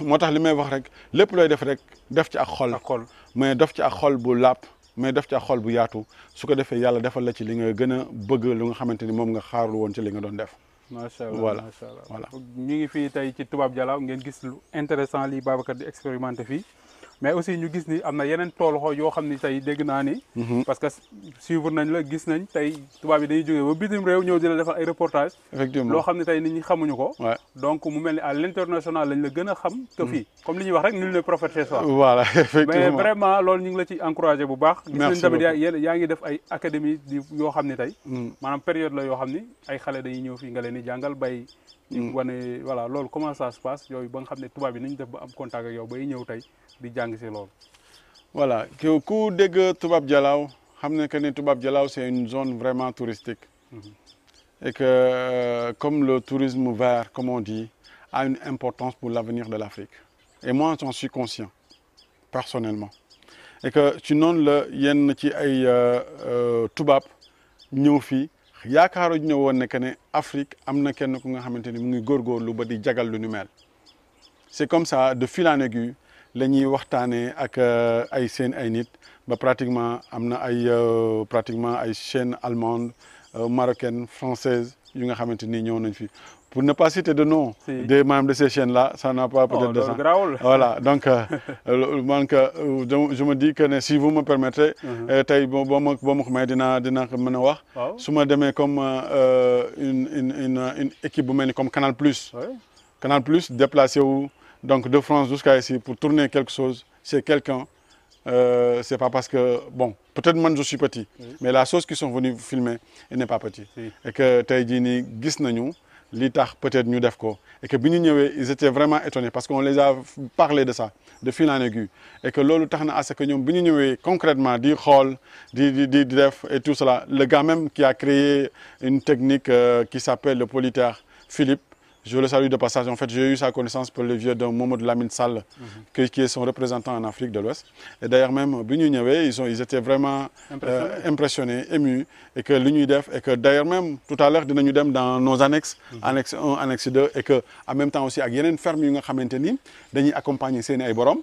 motax limay wax rek lepp loy def rek def ci ak xol. mais def ci ak xol bu lap mais def ca xol bu yaatu su ko defee yàlla defal la ci li nga gën a bëgg lu nga xamante ni moom nga xaarul woon ci li nga doon def. macha allah macha allah voilà ñu ngi fii tey ci tubaab jalaaw ngeen gis lu intéressant li Babacar di expérimenté fii. mais aussi ñu gis ni am na yeneen toolu xooj yoo xam ni tey dégg naa ni. Mhm. parce que suivre nañ la gis nañ tey tubaab yi dañuy jógee ba bitim réew ñëw di la defal ay reportage loo xam ne tey nit ñi xamuñu ko. donc mu mel ni à l' international lañ la gën a xam. que mhm. fii comme li ñuy wax rek nul ne prophète chez soi. voilà effectivement mais vraiment loolu ñu ngi la ci encouragé bu baax. merci beaucoup gis nañ tamit yaa ngi def ay académie yoo xam ne tey. Mhm. maanaam période la yoo xam ni ay xale dañuy ñëw fii nga leen di jàngal bay. Mm. voilà comment ça se passe yooyu ba nga xam ne tubaab yi qui def ba am contact ak yow bay ñëw di voilà que ku dégg tubaab jalaaw xam que une zone vraiment touristique. Mm-hmm. et que euh, comme le tourisme vert comme on dit a une importance pour l'avenir de l'Afrique. et moi j'en suis conscient personnellement. et que tu nommes le yenn ci ay euh, euh, tubaab ñëw yaakaaruñu ne woon ne que ne Afrique am na kenn ku nga xamante ni mu ngi góorgóorlu ba di jagal lu ni mel c'est comme ça de fil en aiguille la ñuy waxtaanee ak euh, ay seen ay nit ba pratiquement am na ay euh, pratiquement ay chaînes allemandes euh, marocaines françaises yu nga xamante ni ñëw nañ fi pour ne pas citer de nom des membres de ces chaînes-là, ça n'a pas peut-être oh, de Voilà, donc, euh, euh, je, me dis que si vous me permettez, si je demain comme euh, euh, une, une, une, une, équipe comme Canal Plus, Canal Plus déplacé donc de France jusqu'à ici pour tourner quelque chose c'est quelqu'un, euh, c'est pas parce que, bon, peut-être moi je suis petit, mais la chose qu'ils sont venus filmer, elle n'est pas petite. Et que Taïdini, L'État peut-être ñu def et que bi ils étaient vraiment étonnés parce qu'on les a parlé de ça de fil en aigu. et que l'autre a que nous concrètement dit hall dit et tout cela le gars même qui a créé une technique euh, qui s'appelle le polytère Philippe je le salue de passage. En fait, j'ai eu sa connaissance pour le vieux d'un Momo de Lamine Salle, mhm. qui est son représentant en Afrique de l'Ouest. Et d'ailleurs même, ils, ils étaient vraiment impressionnés, euh, émus, et que l'UNIDEF, et que d'ailleurs même, tout à l'heure, nous sommes dans nos annexes, mhm. annexe 1, annexe 2, et que même temps aussi, à y une ferme qui a accompagné Séné et Borom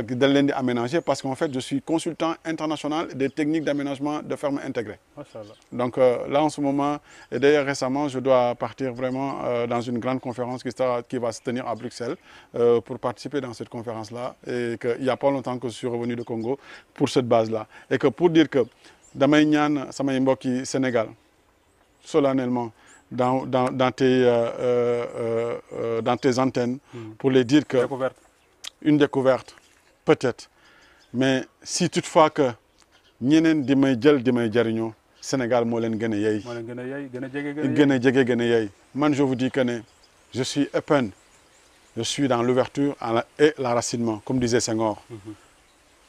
de euh, l'indé aménagée, parce qu'en fait je suis consultant international des techniques d'aménagement de fermes intégrées. Donc euh, là en ce moment, et d'ailleurs récemment, je dois partir vraiment euh, dans une grande conférence qui, qui va se tenir à Bruxelles pour participer dans cette conférence-là et qu'il n'y a pas longtemps que je suis revenu du Congo pour cette base-là. Et que pour dire que damay ñaan Sénégal solennellement dans dans tes dans tes antennes. Hmm. pour les dire que une découverte peut-être mais si toutefois que ñeneen di may jël di may jariño Sénégal mo len gën yey. mo len gën yey gën yey man je vous dis que ne je suis open je suis dans l'ouverture et l'enracinement comme disait Senghor. Mm-hmm.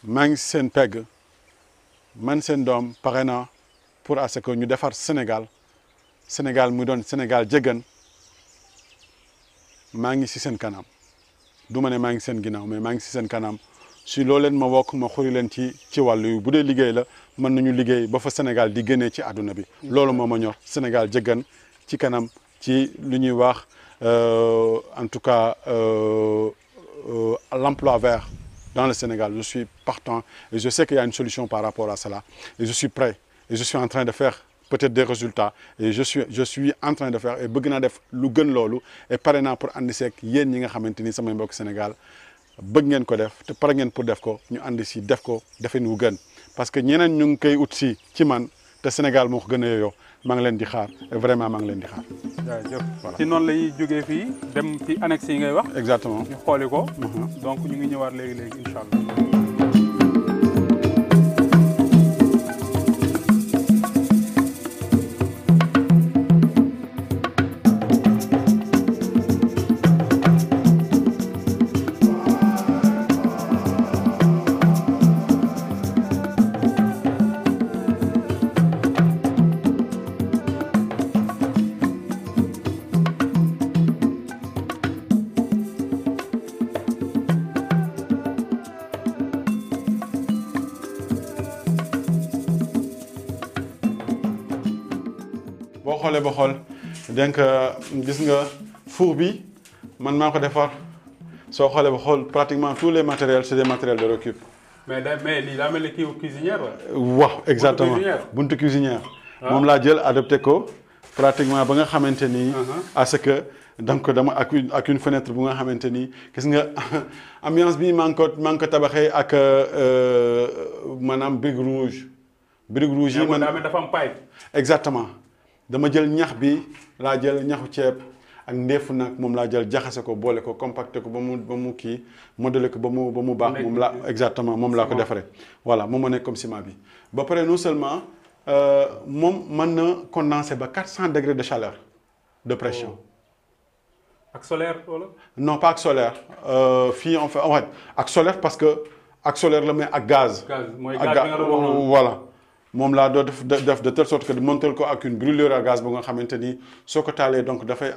maa ngi seen pegg man sen dom pare pour à ce que ñu défar Sénégal Sénégal mu don Sénégal jéggan maa ngi si seen kanam du ma ne maa ngi mais maa ngi si seen kanam si loo ma wok ma xuri leen ci ci wàll yu bu dee la man nañu liggéey ba fa Sénégal di gëné ci aduna bi loolu moma ñor Sénégal jëggan ci kanam ci lu ñuy wax euh, en tout cas euh, euh, l'emploi vert dans le Sénégal je suis partant et je sais qu'il y a une solution par rapport à cela et je suis prêt et je suis en train de faire peut-être des résultats et je suis je suis en train de faire et bëgg na def lu gën loolu et pare pour ànd seeg yéen ñi nga xamante sama mbokk Sénégal bëgg ngeen ko def te pare ngeen pour def ko ñu ànd si def ko defin wu gën parce que ñeneen ñu ngi koy ut si ci man te Sénégal moo ko gën a yooyoo maa ngi leen di xaar vraiment maa ngi leen di xaar. jaajëf ci noonu la jógee fii dem ci annexe yi ngay wax. exactement ñu xooli ko. Mhm. donc ñu ngi ñëwaat léegi léegi incha allah. donc gis nga four bi pratiquement tous les matériels c'est des matériels de récup. mais mais exactement buntu pratiquement ba uh-huh. ce que donc dama ak une fenêtre ambiance bi maa ngi rouge. rouge pipe. exactement dama jël ñax bi laa jël ñaxu ceeb ak ndeefu nag moom laa jël jaxase ko boole ko compacté ko ba mu ba mu kii modelé ko ba mu ba mu baax moom laa exactement moom laa ko defaree voilà moom ma nekk comme ciment bi ba pare non seulement euh, moom mën na condenser ba 400 degrés de chaleur de pression oh. ak solaire wala non pas ak solaire euh, fii en fait en fait ak solaire parce que ak solaire la mais ak gaz gaz ak gaz voilà mom la do def def de telle sorte que montel ko ak une brûlure à gaz bu nga xamante ni soo ko taalee donc dafay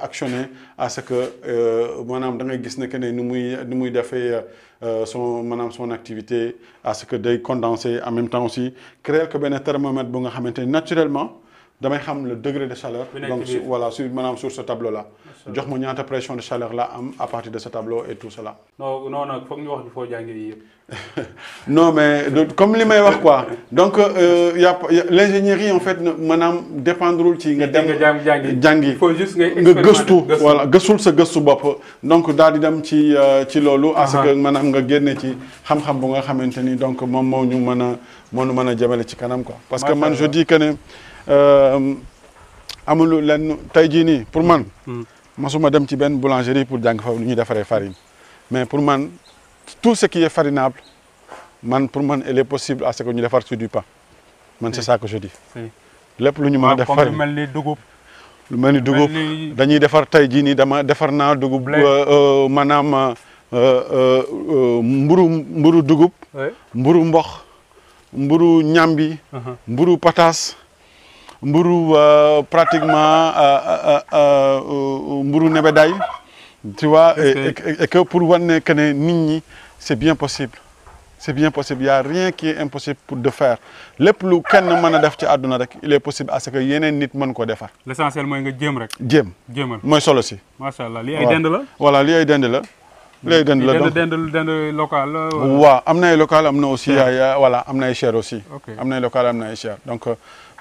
à ce que euh, maanaam da ngay gis ne que ne nu muy ni muy euh, son maanaam son activité à ce que day condenser en même temps aussi créer que benn thermomètre bu nga xamante naturellement damay xam le degré de chaleur. donc voilà sur ce tableau là. jox ma une pression de chaleur la à partir de ce tableau et tout cela. non non non non mais comme les meilleurs quoi donc euh, l'ingénierie en fait madame dépend faut juste voilà donc euh, que donc que je dis que euh, amul lenn tey pour man. Hmm. masuma dem ci ben boulangerie pour jang fa lu défaré farine. mais pour man tout ce qui est farinable man pour man il est possible à ce que ñu défar sur du pain man c'est ça que je dis. lépp lu ñu mën a def farine mel ni dugub. lu melni dugub dañuy defar tey jii nii dama defar naa dugub. Euh, euh, euh mburu mburu dugub. mburu mbokh mburu ñambi. Uh-huh. mburu patasse mburu euh, pratiquement euh, euh, mburu tu vois et, et que pour vous que c'est bien possible c'est bien possible y a rien qui est impossible pour de faire lepp lu kenn def ci il est possible à ce que yenen nit mën ko l'essentiel moy nga djem rek. djem djemal moy solo aussi. allah ay dend la. voilà li ay dend la. les la donc local. aussi voilà cher aussi. local cher donc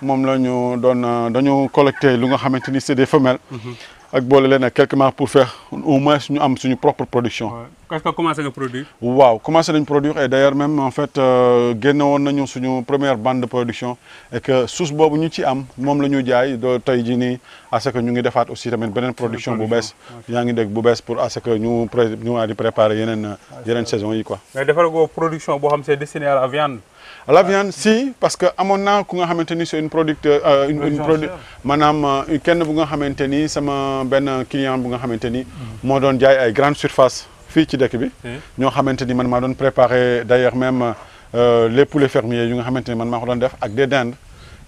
moom la ñu doon euh, dañoo collecté lu nga xamante c'est des femelles. Mhm. ak boole leen ak quelque part pour faire au moins ñu am suñu propre production. parce que commencé à produire. waaw commencer nañ produire et d'ailleurs même en fait euh, génne woon nañu suñu première bande de production et que sous boobu ñu ci am moom la ñu jaay doo tey jii à ce que ñu ngi defaat aussi tamit beneen production bu bees. yaa ngi dégg bu bees pour à ce que ñu pré ñu di préparer yeneen euh, yeneen saison yi quoi. mais defal ko production boo xam c'est destiné à la viande la viande si parce que amoon naa ku nga xamanteni c'est une producteur euh, une produ maanaam euh, kenn bu nga xamanteni sama benn client bu nga xamanteni mo don doon jaay ay grande surface fi ci dekk bi ño xamanteni man ma don préparer d'ailleurs même euh, les poulets fermiers yu nga xamanteni man maa ko doon def ak des dindes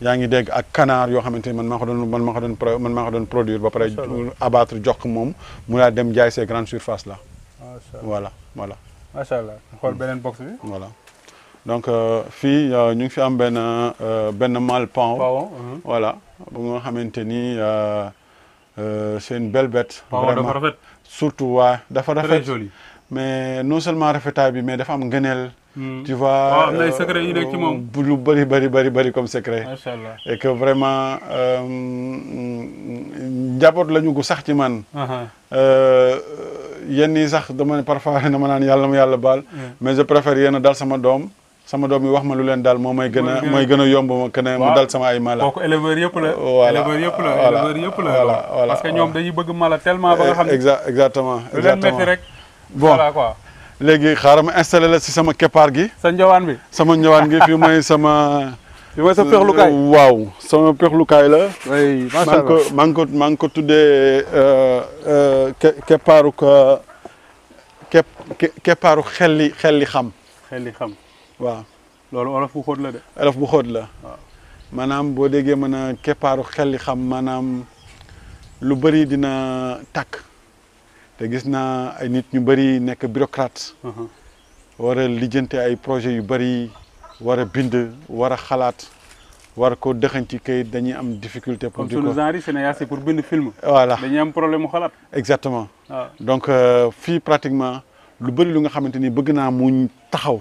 yaangi ngi ak canard yo xamanteni man maa ko doon man maa ko doon man maa ko doon produire ba pare abattre jox ko moom mu la dem jaay ces grandes surfaces là voilà voilà macha allah xool beneen box bi voilà donc euh, fii euh, ñu ngi fi am benn euh, benn mal paon uh-huh. voilà bu nga xamante ni c'est une belle bête. vraiment surtout waa dafa rafet mais non seulement ta bi mais dafa am ngëneel. Hmm. tu vois ah, lu bëri bari, bari, bari comme secret. macha et que vraiment njaboot lañu gu sax ci man. Uh-huh. yenn yi sax dama ne parfois dama naan yàlla mu yàlla baal. Hmm. mais je préfère yéen a dal sama doom. sama doom yi wax ma lu leen daal moom mooy gën a mooy gën a yomb ma que ne mu dal sama ay mala kooku éleveur yëpp la éleveur yëpp la éleveur yëpp la voilà parce que ñoom dañuy bëgg mala tellement ba nga xam ne exactement lu leen métti rek bon voilà quoi léegi xaaral ma installé la si sama keppaar gi sa njowaan bi sama njowaan gi fii mooy sama bi mooy sa pexlukaay waaw sama pexlukaay la maa ngi ko maa ngi ko maa ngi ko tuddee euh, euh, keppaaru ko keppaaru xelli xelli xam xelli xam waaw loolu olof bu xóot la de olof bu xóot la waaw maanaam boo déggee mën a keppaaru xel li xam maanaam lu bëri dina tàkk te gis naa ay nit ñu bëri nekk bureaucrate war a lijjante ay projet yu bëri war a bind war a xalaat war ko dëxanci kayit dañuy am difficulté pour di ko comme sunu genre cinéaste pour bind film voilà dañuy am problème mu xalaat exactement donc fii pratiquement lu bëri lu nga xamante ni bëgg naa mu taxaw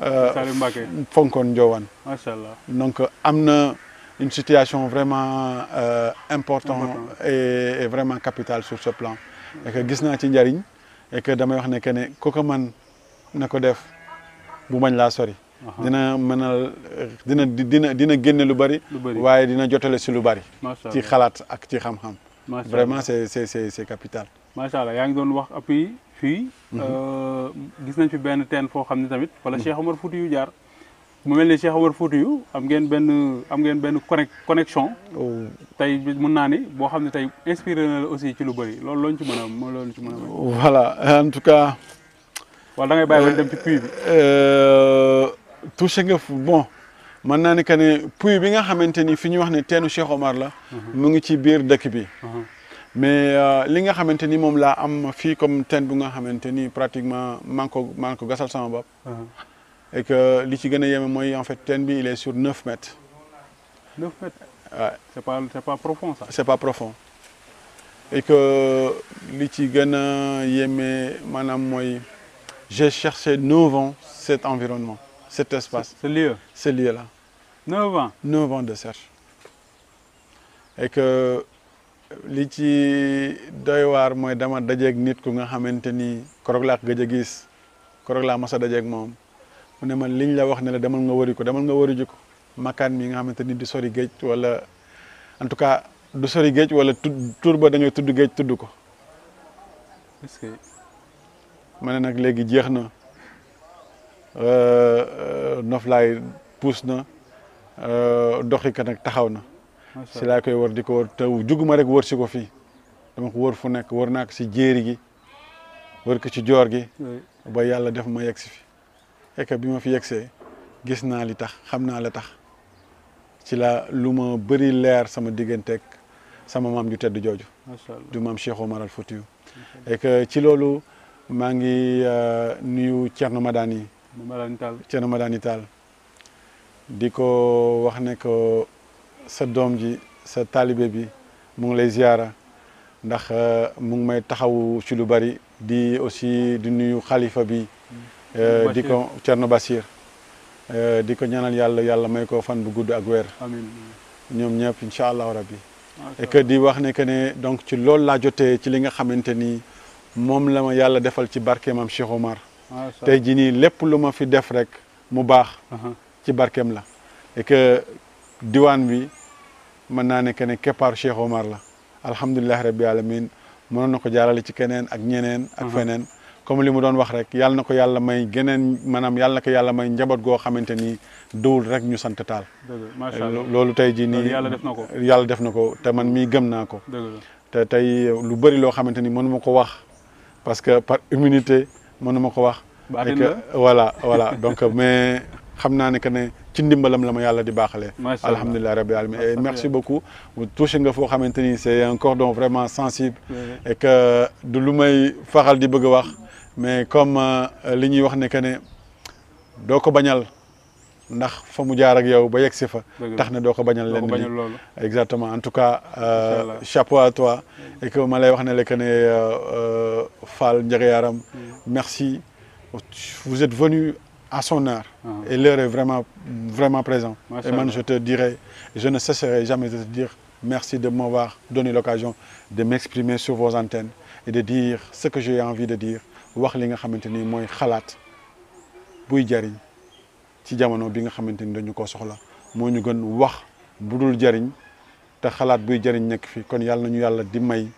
Euh, Salim allah donc am une situation vraiment euh, importante et vraiment capitale sur ce plan. et que gis naa ci njariñ et que damay wax ne que ne ku ko mën na def bu bañ laa sori. dina menal. a dina dina dina génne lu bari. waaye dina jotale si lu bari. ci xalaat ak ci vraiment c'est c'est c'est capital. macha allah yaa ngi doon wax fii mhm. euh, gis nañ fi benn teen foo xam ne tamit wala Cheikh Omar Fouti yu jaar mu mel ni Cheikh Omar Fouti yu am ngeen benn am ngeen benn connect connexion oh. tey mun naa ni boo xam ne tey inspiré na la aussi ci lu bëri loolu looñu ci mën a loolu ci mën a voilà en tout cas wala da ngay bàyyi dem ci euh, puits bi euh, touché nga fu bon mën naa ni que ne puits bi nga xamante ni fi ñuy wax ne teenu Cheikh Omar la mhm. mu ngi ci biir dëkk bi mhm. mais euh, li nga xamante ni moom am comme Ten bu nga xamanteni pratiquement manko manko gassal sama bop uh-huh. et que li ci gëna yeme en fait teen bi il est sur 9 mètres. 9 mètres. c'est pas c'est pas profond ça. c'est pas profond et que li ci gëna a manam moy j'ai cherché 9 ans cet environnement cet espace. ce lieu ce lieu là. 9 ans 9 ans de cherche. et que. li ci doy waar mooy dama dajeeg nit ku nga xamante ni korog laa gëj a gis korog laa mas a dajeeg moom mu ne ma liñ la wax ne la demal nga wari ko demal nga wari ji ko makkaan mi nga xamante ni di sori géej wala en tout cas du sori géej wala tur ba dañoo tudd géej tudd ko. ma ne nag léegi jeex na euh, euh, noflaay puus na euh, doxi ka nag taxaw na. si laa koy wër di ko wër te juguma rek wër si ko fi dama ko wër fu nekk wër naa ko si jéeri gi wër ko ci joor gi ba yàlla def ma yegg si fi fekk bi ma fi yeggsee gis naa li tax xam naa la tax ci la lu ma bëri leer sama digganteeg sama maam ju tedd jooju du maam Cheikh Omar al Foutiyou et que ci loolu maa ngi euh, nuyu Thierno Madani Thierno Madani Tall di ko wax ne sa doom ji sa taalibe bi mu ngi lay ziara ndax euh, mu ngi may taxaw ci lu bari di aussi di nuyu xalifa bi mm. euh, euh, di ko Thierno Basir di ko ñanal yàlla yàlla may ko fan bu gudd ak weer ñoom ñëpp incha allahu rabbi et di wax ne que ne donc ci loolu laa jotee ci li nga xamante ni moom la ma yàlla defal ci barke maam Cheikh Omar tey ji nii lépp lu ma fi def rek mu baax ci barkeem la et diwaan bi mën naa ne que ne keppaaru Cheikh Omar la alhamdulilah rabbi alamin mënoon na ko jaarale ci keneen ak ñeneen. ak uh-huh. feneen comme li mu doon wax rek yàlla na ko yàlla may geneen maanaam yàlla ko yàlla may njaboot goo xamante ni dëwul rek ñu sant taal. Eh, loolu tey jii nii yàlla def na ko yàlla def na ko te man mii gëm naa ko. te tey lu bëri loo xamante ni mënu ma ko wax parce que par immunité mënu ma ko wax. voilà voilà donc mais. xamnaane que ne ci ndimbalam la ma yàlla di baaxalee alhamdulilah rabbi alamin merci beaucoup touché nga foo xamante ni c'est un cordon vraiment sensible et que du lu may faxal di bëgg a wax mais comme euh, li ñuy wax ne que ne doo ko bañal ndax fa mu jaar ak yow ba yegg si fa tax na doo ko bañal lenn ni exactement en tout cas euh, chapeau à toi et que ma lay wax ne la que ne euh, Fall Ndiaga Yaram mm. merci vous êtes venu à son heure. Ah. Et l'heure est vraiment, vraiment présente. Et même je te dirai, je ne cesserai jamais de te dire merci de m'avoir donné l'occasion de m'exprimer sur vos antennes et de dire ce que j'ai envie de dire. wax li nga xamanteni moy mooy buy jariñ ci jamono bi nga xamanteni dañu ko soxla moo ñu gën wax budul jariñ te xalaat buy jariñ nek fi kon yalla nañu yalla di may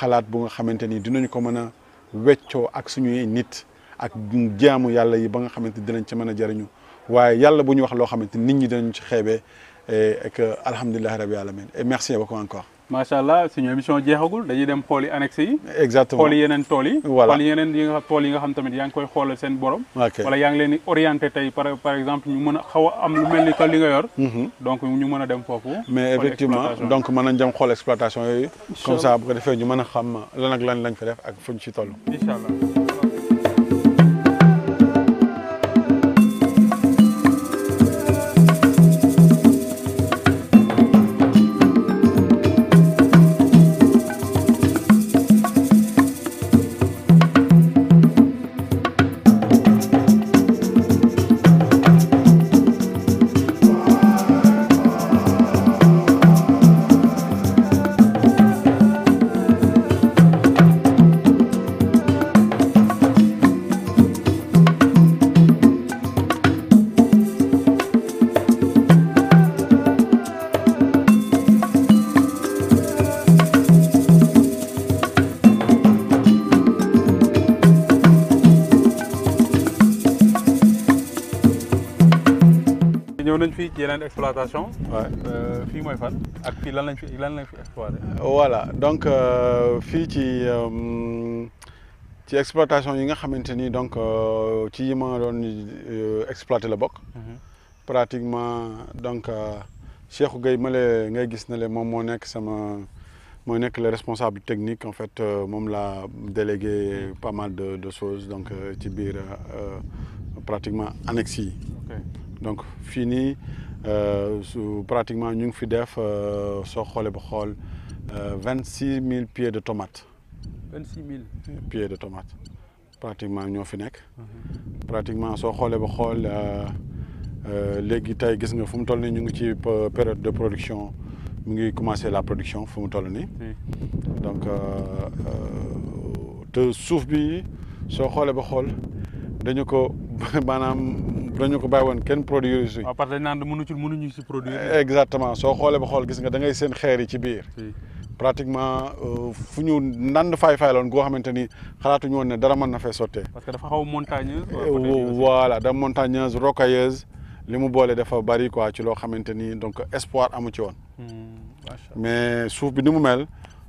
xalaat bu nga xamanteni dinañ ko mëna wéccio ak suñu nit ak jaamu yalla yi ba nga xamante dinañ ci mëna a waye yalla buñu wax lo xamante nit ñi dinañ ci xébé et eh, que alhamdulilah rabbi alamin et merci beaucoup encore. machallah allah suñu émission jeexagul dañuy dem xooli annexe yi. exactement xooli yeneen tool yi. voilà xooli yi nga tool yi nga xam tamit yaa koy xolal sen borom. wala yaa ngi leen di orienté tey par par exemple ñu mëna xawa am lu melni ni li nga yor. Mm-hmm. donc ñu mëna dem fofu mais effectivement donc mëna ñam xol exploitation yoyu comme ça bu ko defee ñu mëna xam lan ak lan lañ fa def ak fuñ ci toll. inshallah exploitation. Euh, fan voilà donc euh, euh, exploitation donc ci exploité mhm. pratiquement donc Cheikhou Gueye je le le responsable technique en fait je la délégué pas mal de choses donc pratiquement annexé. donc fini euh, pratiquement ñu ngi fi def euh, so euh, pieds de tomates 26 000 pieds de tomates pratiquement nous avons nek pratiquement so xolé ba xol euh légui tay période de production Nous avons commencé la production fu donc euh te souf bi so xolé ba dañu ko maanaam dañu ko bàyyi woon kenn produire si. waaw parce que mënuñu si produire. exactement soo xoolee ba xool gis nga da ngay seen xeer yi ci biir. pratiquement euh, fu ñu nand faay fay loon goo xamante ni xalaatuñu woon ne dara mën na fee sottee. parce que dafa xaw montagneuse. Euh, voilà da montagneuse rocailleuse li mu boolee dafa bari quoi ci loo xamante ni donc espoir amu ci woon. Hmm, mais suuf bi ni mu mel.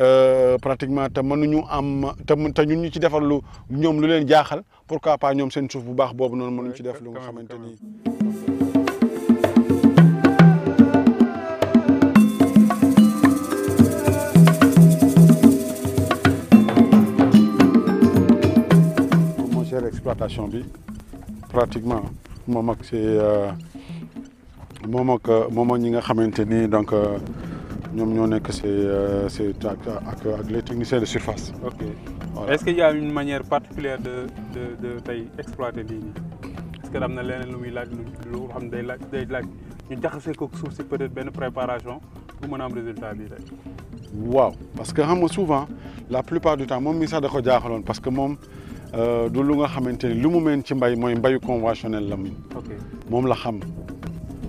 Euh, pratiquement te mënuñu am te te ñun ñu ci defar lu ñoom lu leen jaaxal pourquoi pas ñom seen suuf bu baax bobu non mënuñ ci def lu nga xamanteni ni. comment gérer exploitation bi pratiquement moom ak c'est euh, moom ak euh, moom ñi nga xamanteni donc euh, ñoom ñoo nekk si euh, si ak ak ak les techniciens de surface. ok voilà. est ce qu'il y' a une manière particulière de de de tey exploiter les nii est ce que am na leneen lu muy laaj lu xam day laaj ñu jaxase ko suuf peut être benn préparation pour mën am résultat bii rek. waaw parce que xam nga souvent la plupart du temps moom mi sax da ko jaaxaloon parce que euh, du lu nga xamante lu mu meen ci mbay mooy mbayu conventionnel la moom la xam.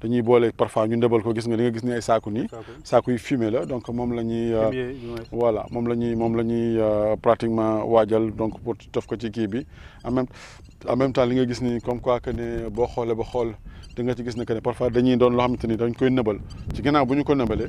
dañuy boole parfois ñu ndebal ko gis nga di nga gis ni ay saaku nii saaku yi fumé la donc moom la ñuy euh, voilà moom la ñuy moom la ñuy euh, pratiquement waajal donc pour def ko ci kii bi en même en même temps li nga gis ni comme quoi que ne boo xoolee ba xool da nga ci gis ne que ne parfois dañuy doon loo xamante ni dañ koy nëbal ci ginnaaw bu ñu ko nëbalee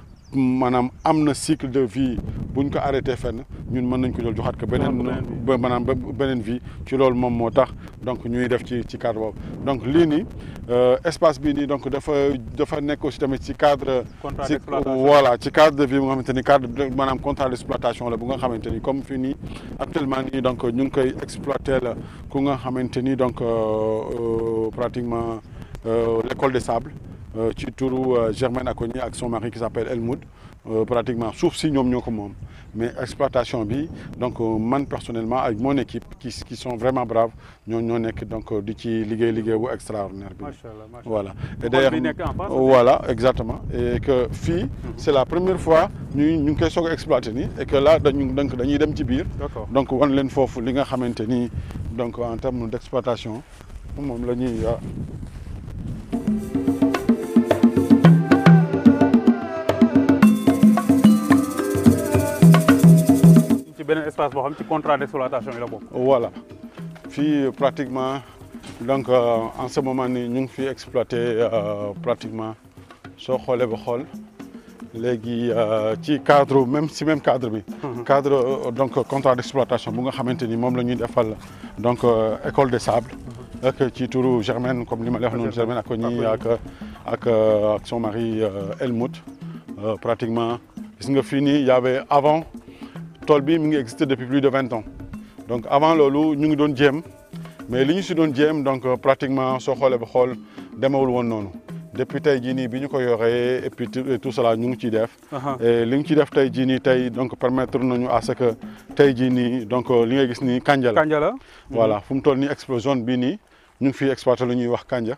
manam amna cycle de vie buñ ko arrêté fenn ñun mën nañ ko jël joxat ko benen maanaam vie ci lool mom motax donc ñuy def ci ci cadre donc lii euh, espace bi ni donc dafa dafa nekk aussi tamit ci cadre ci voilà ci cadre de vie bu nga xamanteni cadre manam contrat d'exploitation la bu nga xamanteni comme fini nii actuellement donc ñu ngi koy exploiter la ku nga xamante ni donc euh, euh, pratiquement euh, l'école des sables euh, ci turu euh, Germaine avec son mari qui s'appelle Elmoud euh, pratiquement sauf si nous sommes mais exploitation donc moi personnellement avec mon équipe qui sont vraiment braves nous sommes extraordinaires. donc di extraordinaire voilà et d'ailleurs voilà exactement et que fi mhm. c'est la première fois que nous sommes exploités. et que là nous avons des dem ci donc on l'a foofu donc en termes d'exploitation un espace boo xam ci contrat d'exploitation. voilà puis pratiquement donc euh, en ce moment nous ñu fi euh, pratiquement ce qu'on ba xool léegi euh, ci cadre même si même cadre bi. Mhm. cadre donc contrat d'exploitation, nous bu nga xamante ni la ñuy defal donc école des sables. Mhm. ak ci turu Germaine comme li ma Germaine ak ñi son mari Helmut pratiquement gis nga fini il y avait avant tol bi mi ngi existé depuis plus de 20 ans donc avant lolu ñu ngi doon jéem mais li ñu si doon donc pratiquement so xolé ba xool demewul won noonu depuis tey jii nii bi ñu ko yoree et puis tout cela ñu ngi ci def. et li ñu def tey jii nii donc permettre nañu à ce que tey jii nii donc li nga gis nii kanja la. kanja la voilà fu mu toll nii explosion bii nii ñu ngi fiy exploité lu ñuy wax kanja.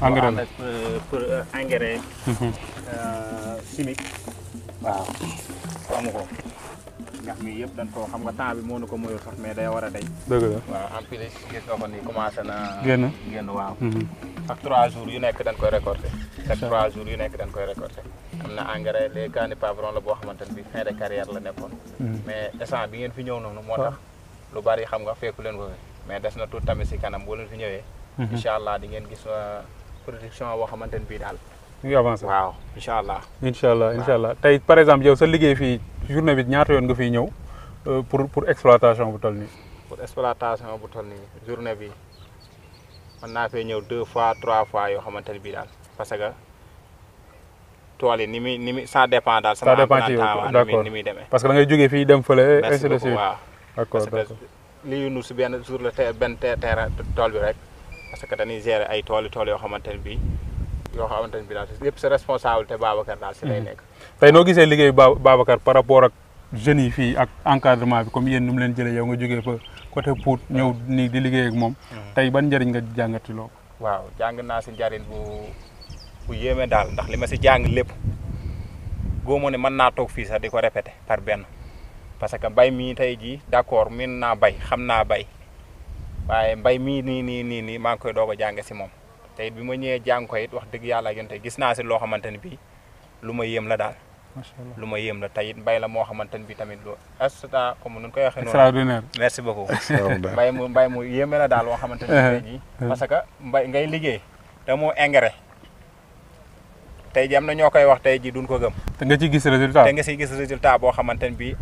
engrais la pour euh, euh, engrais. Mhm. Euh, chimique. waaw amu ko. ñax mi yëpp dañ ko xam nga temps bi moo nu ko moyul sax mais day war a day. dëgg la waaw en plus gis nga ko ni commencé na. génn génn waaw. Mhm. ak trois jours yu nekk dañ koy récolter. chaque trois jours yu nekk dañ koy récolter. am na engrais les kaani pavron la boo xamante ne bii fin de carrière la nekkoon. Mhm. mais instant bi ngeen fi no noonu. moo tax lu bari xam nga fekku leen ko mais des na tuut tamit si kanam boo leen fi ñëwee. incha allah di ngeen gis. production wa xamantene bi dal ñu ngi avancer waaw inshallah inshallah inshallah tay par exemple yow sa liggéey fi journée bi ñaata yoon nga fi ñëw pour pour exploitation bu toll nii pour exploitation bu toll nii journée bi man naa fee ñëw deux fois trois fois yoo xamantene bi daal parce que tool ni mi ni mi ça dépend daal sama dépend ci yow d' accord ni muy demee parce que da ngay jógee fii dem parce que dañuy gérer ay tool tool yoo xamante ne bii yoo xamante ne bii daal yëpp sa responsabilité Babacar daal si lay mhm. nekk. tey noo gisee liggéeyu Babacar par rapport ak jeunes yi fii ak encadrement bi comme yéen nu mu leen jëlee yow nga jógee fa côté Pout nii di liggéey ak moom. Mhm. tey ban njëriñ nga jàngati loo jàng naa si njëriñ bu bu yéeme daal ndax li ma si jàng lépp góomoo ne mën naa toog fii sax di ko répété par benn parce que bay mii tey jii d' accord miin naa bay xam naa bay waaye mbay mii nii nii nii nii maa koy doog a jànge si moom te bi ma ñëwee jàng ko wax dëgg yàlla ak yonte gis naa si loo xamante ni bii lu ma yéem la daal lu ma yéem la te it mbay la moo xamante ni bii tamit lu asta comme nu koy waxee noonu extraordinaire merci beaucoup mbay mu mbay mu yéeme la daal loo xamante ni bii eh, eh. parce que mbay ngay liggéey te moo engrais tey ji am na ñoo koy wax tey ji duñ ko gëm te nga gis résultat te nga ciy gis résultat boo xamante ni bii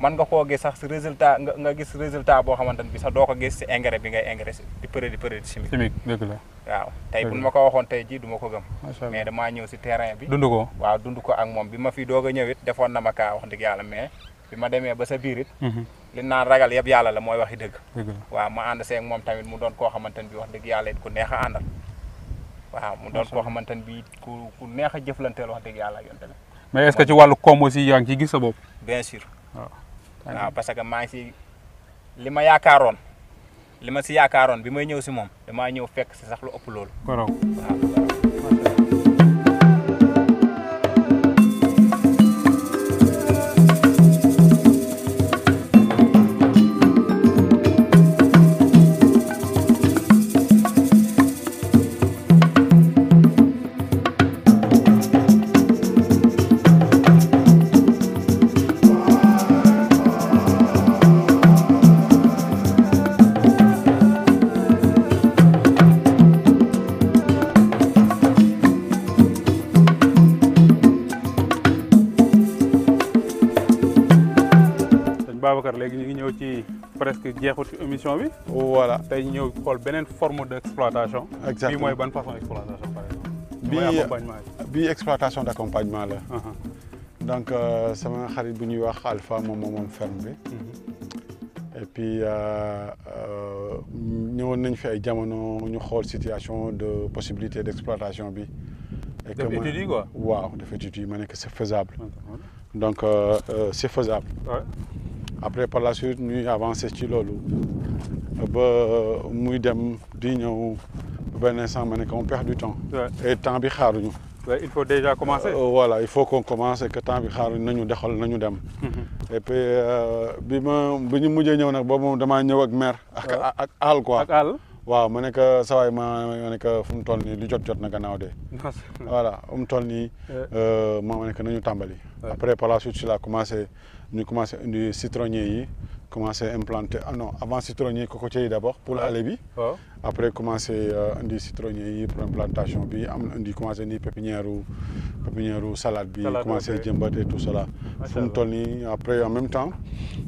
man nga koo gis sax résultat nga nga gis résultat boo xamante bi sax doo ko gis si engrais bi ngay engrais di përé di përé chimique. chimique dëgg la. waaw tey bu ma ko waxoon tey jii ko gëm. mais dama ñëw si terrain bi. dund ko. waaw dund ko ak moom bi ma fi doog a ñëwit defoon na ma kaa wax dëgg yàlla mais bi ma demee ba sa biir it. Mhm. li naan ragal yëpp yàlla la mooy waxi dëgg. dëgg la waaw ma ànd seeg moom tamit mu doon koo xamante bi wax dëgg yàlla it ku neex a àndal. waaw mu doon koo xamante bi ku ku neex a jëflanteel wax dëgg yàlla ak yoon mais est ce que ci wàllu kom aussi yaa ci gis sa boobu. bien sûr. waaw parce que maa si li ma yaakaaroon li ma si yaakaaroon bi may ñëw si moom damaa ñëw fekk si sax lu ëpp loolu. Babacar léegi ñu ngi ñëw ci presque jeexut émission bi. voilà tay ñu ñëw xool beneen forme d' exploitation. exactement bii mooy ban façon exploitation par exemple. bi accompagnement bii exploitation d'accompagnement accompagnement la. Uh-huh. donc euh, sama xarit bu ñuy wax Alpha mom mom ferme bi. Uh-huh. et puis euh, euh, ñëwoon nañ fi ay jamono ñu xool situation de possibilité d'exploitation bi. et que def étude quoi. waaw def étude yi ma nekk c' faisable. donc c' est faisable après par la suite nous avancer sur l'eau. ba muy dem perd du temps. et temps bi il faut déjà commencer. Euh, voilà il faut qu'on commence et que temps bi nous nous dem. Mm-hmm. et puis euh, bi ma nous ñu mujjee quoi ak al waaw mané saway ma dit voilà euh, après par la suite nous la commencé nous commencé du citronnier commencer commencé implanter ah non avant citronnier cocotier d'abord pour allée bi après commencé euh, du citronnier pour l'implantation. bi am indi commencé des pépinière ou pépinière ou salade bi commencé à et tout cela fu après en même temps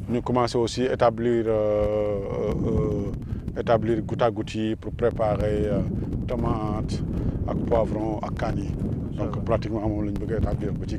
nous commencé aussi établir euh, euh, établir goutte à goutte pour préparer tomate tomates poivron poivrons kaan donc pratiquement on la a établir ci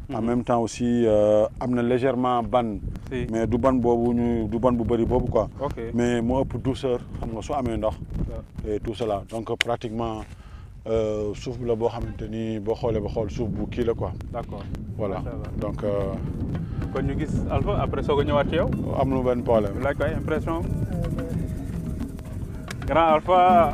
en même temps aussi euh, na légèrement ban. mais du ban bobu ñu du ban bu bari bobu quoi. mais mo ëpp douceur xam nga su amé ndox. et tout cela donc pratiquement euh, souf la bo xamante ni boo xoolee ba xool bu ki la quoi. d'accord voilà donc. Euh, kon ñu gis Alpha après soo ñëwaat ci yow. am na problème. laaj ko ay impression. Euh, grand Alpha.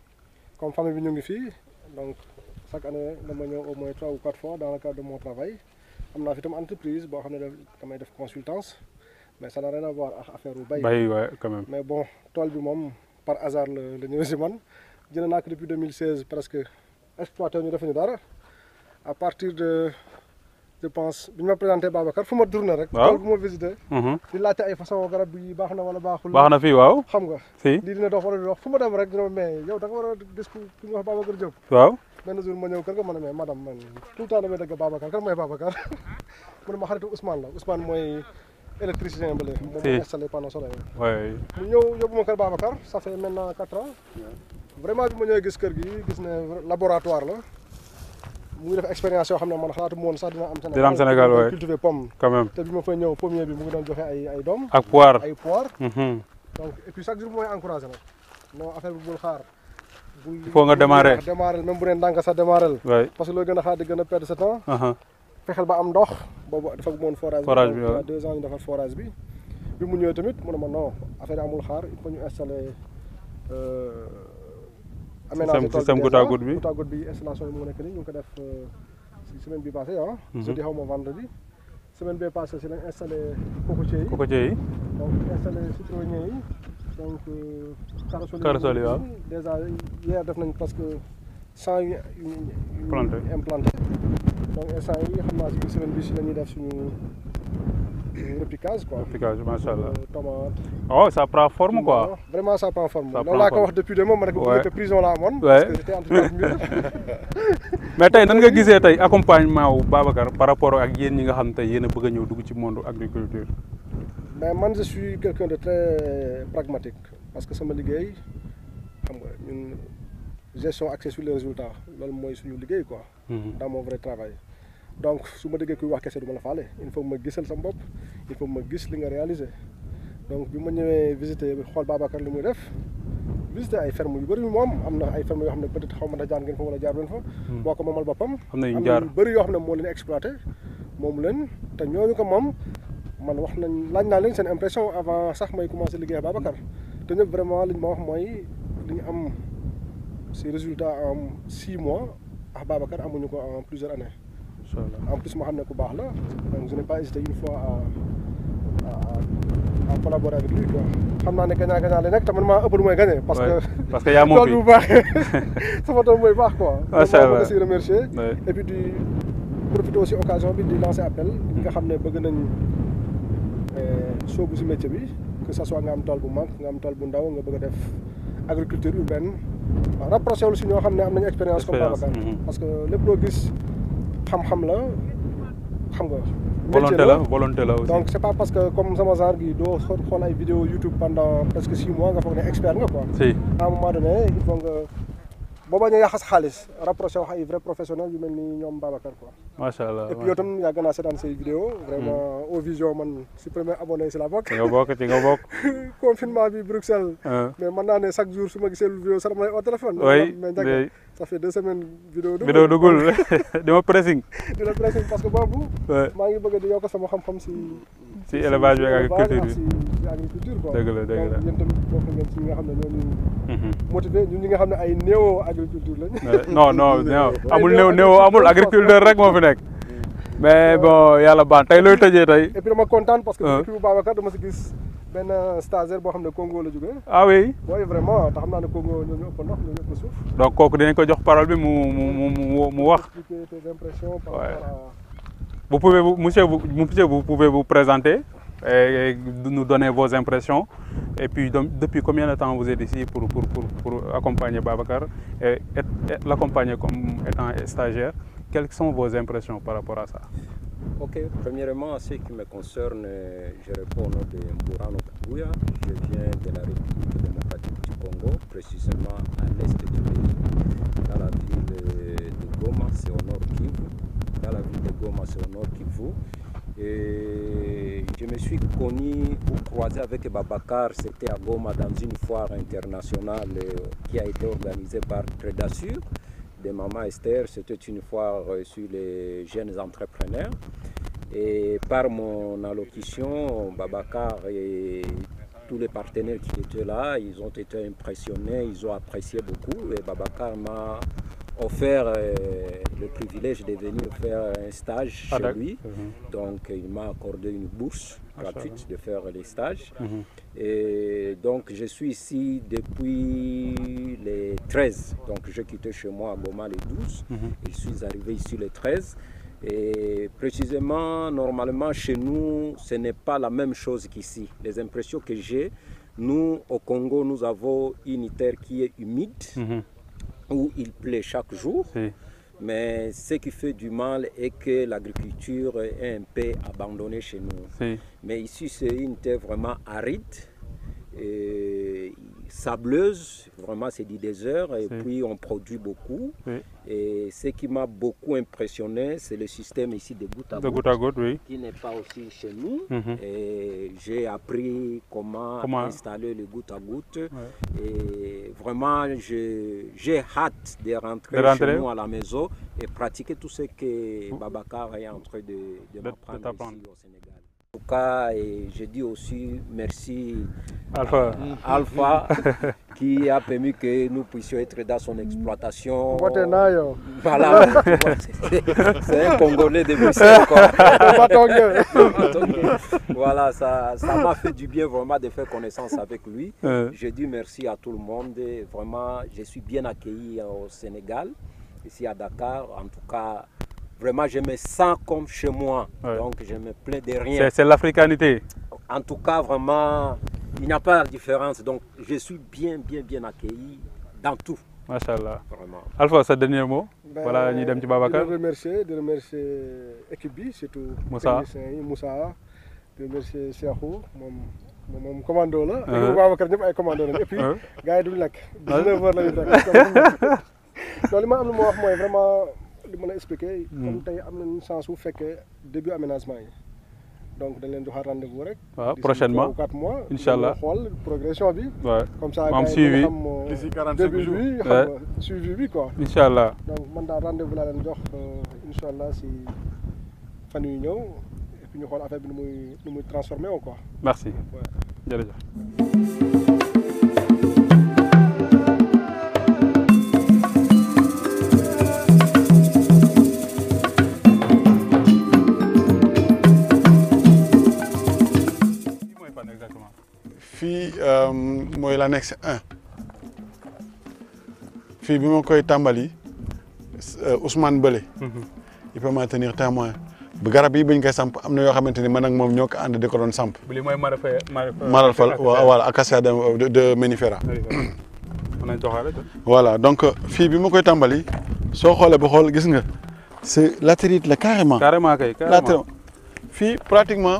comme femme de ñu ici, donc chaque année nous ñëw au moins trois ou quatre fois dans le cadre de mon travail Je naa fi entreprise boo xam en damay def consultance mais ça n'a rien à voir avec l'affaire au bail. ouais quand même. mais bon toi bi par hasard le la ñëwee je man jënd depuis 2016 presque exploité ñu defuñu dara à partir de. je pense bi ñu ma présenté Babacar fu ma tourné rek. waaw tool bu ma visité. Mhm. di laajte ay façon garab bi baax na wala baaxul. baax na fii waaw xam nga. si dina dox wala dox fu ma dem rek dina mais yow da nga war a gis ku ñu wax Babacar Diop. waaw benn jour ma ñëw kër ga ma ne ma xaritu Ousmane la Ousmane mooy électricien ba léegi. si moom mooy installé panneau solaire. waay mu ñëw yóbbu ma kër Babacar ça fait quatre ans. vraiment bi ma ñëwee gis kër gi gis ne laboratoire la. mu ngi def expérience yoo xam ne man xalaatu moon sax dina am Sénégal dina am Sénégal waay cultiver pomme quand même te bi ma fay ñëw pommier bi mu ngi doon joxe ay ay doom ak poire ay poire mhm. donc et puis chaque jour mooy encouragé nag non affaire bi bul xaar il faut nga démarrer démarrer même bu dee ndànk sa démarrer parce que looy gën a xaar di gën a perdre sa temps fexel ba am ndox boobu dafa moon forage forage bi deux ans ñu defar forage bi bi mu ñëwee tamit mu ne ma non affaire amul xaar il faut ñu installer euh, aménagé tool système goutte à goutte bi goutte à goutte bi installation yi moo nekk nii ñu ngi ko def euh, si semaine bi passé ah mhm. jeudi xaw ma vendredi semaine bee passé si lañ installé cocotier yi cocotier yi donc installé citronnier yi donc euh, corossol yi waaw dèjà hier def nañ parce que cent yu implanté donc instant yi xam naa si semaine bi si la ñuy def suñu le piquage quoi. le piquage machallah. tomate. Euh, euh, oh ça prend forme quoi. Hein. vraiment ça prend forme. ça là, forme depuis deux mois, ma ne ko bu njëkk prison laa parce que j'étais entre quatre murs. mais tey nan nga gisee tey accompagnement wu Babacar par rapport ak yéen ñi nga xam tey yéen a bëgg a dugg ci monde agriculture. mais moi, je suis quelqu'un de très pragmatique parce que sama liggéey xam nga ñun gestion axée sur les résultats loolu mooy suñu liggéey quoi. Mhm. dans mon vrai travail. donc su ma déggee kuy wax kese du ma la faale il faut ma gisal sama bopp il faut ma gis li nga réalisé donc bi ma ñëwee visité xool Babacar lu muy def visité ay ferm yu bëri moom am na ay ferme yoo xam ne peut xaw ma ndax jaar ngeen fa wala jaar leen fa. Hmm. boo ko moomal boppam. am jaar bëri yoo xam ne moo leen exploité moom leen te ñooñu ko moom man wax nañ laaj naa leen seen impression avant sax may commencé liggéey ak Babacar te ñëpp vraiment li ma wax mooy li am ces résultats en six mois ak ah, Babacar amuñu ko en En plus, moi, je suis là. Donc, je n'ai pas hésité une fois à, à, à collaborer avec lui. Je suis là, je suis là, je suis là, je suis là, parce que... Parce qu'il y a mon pays. Ça va être un bon pays, quoi. Ouais, c'est vrai. Je suis là, je suis là, et puis, je profite aussi de l'occasion de lancer appel. Je sais que nous voulons... Sauf ce métier, que ce soit un tol qui manque, un tol qui est un tol qui est agriculture urbaine. Ah, Rapprochez-vous aussi, nous avons une expérience comparable. Kan? Mm-hmm. Parce que les blogues, xam-xam la xam nga. volonté la volonté la aussi donc c' pas parce que comme sama genre gi doo xool ay vidéo YouTube pendant presque six mois nga foog ne expert nga quoi. si à un moment donné il faut nga boo bañ a xaalis rapproché wax ay vrai professionnel yu mel ni ñoom Babacar quoi. macha allah et puis tam yàgg naa seetaan say vidéo hmm. vraiment Ovision man si abonné si la bokk. nga bokk confinement bi Bruxelles. Ah. mais mën naa ne chaque jour su ma gisee vidéo sax ma lay au ça fait deux semaines. vidéo dugul vidéo dugul dama pressing. dina pressing parce que boobu. maa ngi bëgg di yokk sama xam-xam si. si élevage bi ak dëgg la dëgg la yéen tamit bokk nga xam ne ñooñu. Mhm. motivé ñi nga xam ne ay néo agriculture lañ. non non non amul néo néo amul agriculteur rek moo fi nekk. mais bon yàlla baax tey looy tëjee tey. et puis dama kontaan parce que. depuis bu Babacar dama si gis. ben stagiaire Congo ah oui oui vraiment te xam Congo ñu ëpp ndox ñu donc kooku dinañ ko parole bi mu tes impressions par rapport à. vous pouvez vous monsieur vous pouvez vous présenter et nous donner vos impressions et puis depuis combien de temps vous êtes ici pour pour pour, accompagner Babacar et, et l'accompagner comme étant stagiaire quelles sont vos impressions par rapport à ça. Ok, premièrement, à ce qui me concerne, je réponds au nom de Mboura Je viens de la République démocratique du Congo, précisément à l'est du pays, dans la ville de Goma, c'est au nord Kivu. Dans la ville de Goma, c'est au nord Kivu. je me suis connu ou croisé avec Babacar, c'était à Goma dans une foire internationale qui a été organisée par Trédassure de Maman Esther, c'était une fois sur les jeunes entrepreneurs. Et par mon allocution, Babacar et tous les partenaires qui étaient là, ils ont été impressionnés, ils ont apprécié beaucoup. Et Babacar m'a offert euh, le privilège de venir faire un stage ah, chez lui. Mhm. Donc il m'a accordé une bourse de faire les stages. Mhm. Et donc, je suis ici depuis les 13. Donc, j'ai quitté chez moi à Goma les 12. Mhm. je suis arrivé ici les 13. Et précisément, normalement, chez nous, ce n'est pas la même chose qu'ici. Les impressions que j'ai, nous, au Congo, nous avons une terre qui est humide, mhm. où il pleut chaque jour. Mais ce qui fait du mal est que l'agriculture est un peu abandonnée chez nous. Mais ici, c'est une terre vraiment aride sableuse, vraiment c'est des heures et puis on produit beaucoup. Et ce qui m'a beaucoup impressionné, c'est le système ici de goutte à goutte, qui n'est pas aussi chez nous. Mhm. j'ai appris comment, installer le goutte à goutte. Et vraiment, j'ai hâte de rentrer, chez nous à la maison et pratiquer tout ce que Babacar est en train de, m'apprendre ici au Sénégal. En tout cas, et je dis aussi merci Alpha, à Alpha qui a permis que nous puissions être dans son exploitation. Voilà, c'est un Congolais de Bruxelles. voilà, ça m'a fait du bien vraiment de faire connaissance avec lui. Je dis merci à tout le monde. Vraiment, je suis bien accueilli au Sénégal, ici à Dakar. En tout cas, Vraiment, je me sens comme chez moi. Donc, je me plais de rien. C'est l'africanité. En tout cas, vraiment, il n'y a pas de différence. Donc, je suis bien, bien, bien accueilli dans tout. Machallah. Vraiment. Alpha, ce dernier mot ben, Voilà, nous sommes petit Babacar. remercier, de remercier Ekibi, surtout. Moussa. Moussa. De remercier Siahou, mon commando uh-huh. commando là. et puis uh-huh. gars yi je lekk. 19 heures là ñuy lekk. moi, vraiment. di ma la expliquer. Hmm. comme tey am nañu chance su fekkee début aménagement yi. donc dañ leen joxaat rendez-vous rek. waaw prochainement d'ici quatre mois incha allah xool progression bi. comme ça am suivi euh, bi xam nga suivi bi quoi. incha man daal rendez-vous laa leen jox euh, incha allah si fan yu ñëw et ñu xool affaire bi nu muy nu muy transformé wu ko merci jërëjëf. Euh, mooy la 1 fii bi ma koy tàmbali euh, Ousmane Bële. Mhm. il peut m'en tenir témoin bu garab yi bañ koy samp am na yoo xamante ni man ak moom ñoo ko ànd di doon samp. lii mooy Marafal Marafal voilà acacia de de donc fii bi ma koy tàmbali soo xoolee ba xool gis nga. c'est latérite la carrément. carrément fii pratiquement.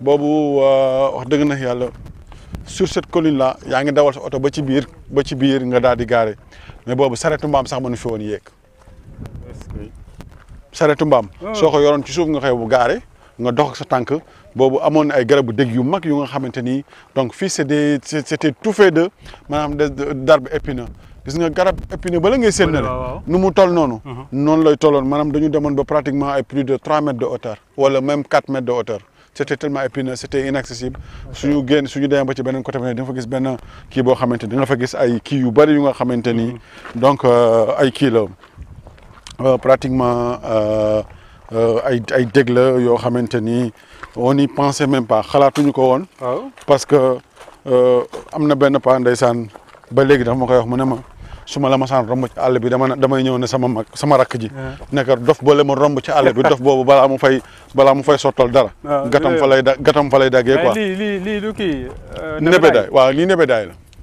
boobu eh, wax dëgg na yàlla sur cette colline là yaa ngi dawal sa oto ba ci biir ba ci biir nga daal di garé mais boobu sarettu mbaam sax mënu fi woon yéeg sarettu mbaam ah. soo ko yoroon ci suuf nga xëy bu garé nga dox ak sa tànk boobu amoon ay garab dëgg yu mag yu nga xamante ni donc fii c' est des c' était tout fait de maanaam de darbe épineux gis nga garab épine bala ngay séddale nu mu toll noonu uh-huh. noonu lay tolloon maanaam dañu demoon ba pratiquement ay plus de 3 mètres de hauteur wala même 4 mètres de hauteur c'était tellement épineux c'était inaccessible suñu génn suñu demee ba ci beneen côté bi ne di nga fa gis benn kii boo xamante ni di nga fa gis ay kii yu bëri yu nga xamante mm. donc euh, ay kii là, euh, pratiquement euh, ay ay dég la yoo xamante on n'y pensait même pas xalaatuñu ko woon parce que am na benn paa ndeysaan ba léegi dafa ma koy wax mu su ma la masaan romb ci àll bi dama ne damay ñëw ne sama mag sama rakk ji ah. nekk dof boole ma romb ci àll bi dof boobu balaa mu fay balaa mu fay sottal dara ah, gatam fa lay da gatam fa lay daggee quoi lii lii lii du kii euh, nebedaay waaw lii nebedaay la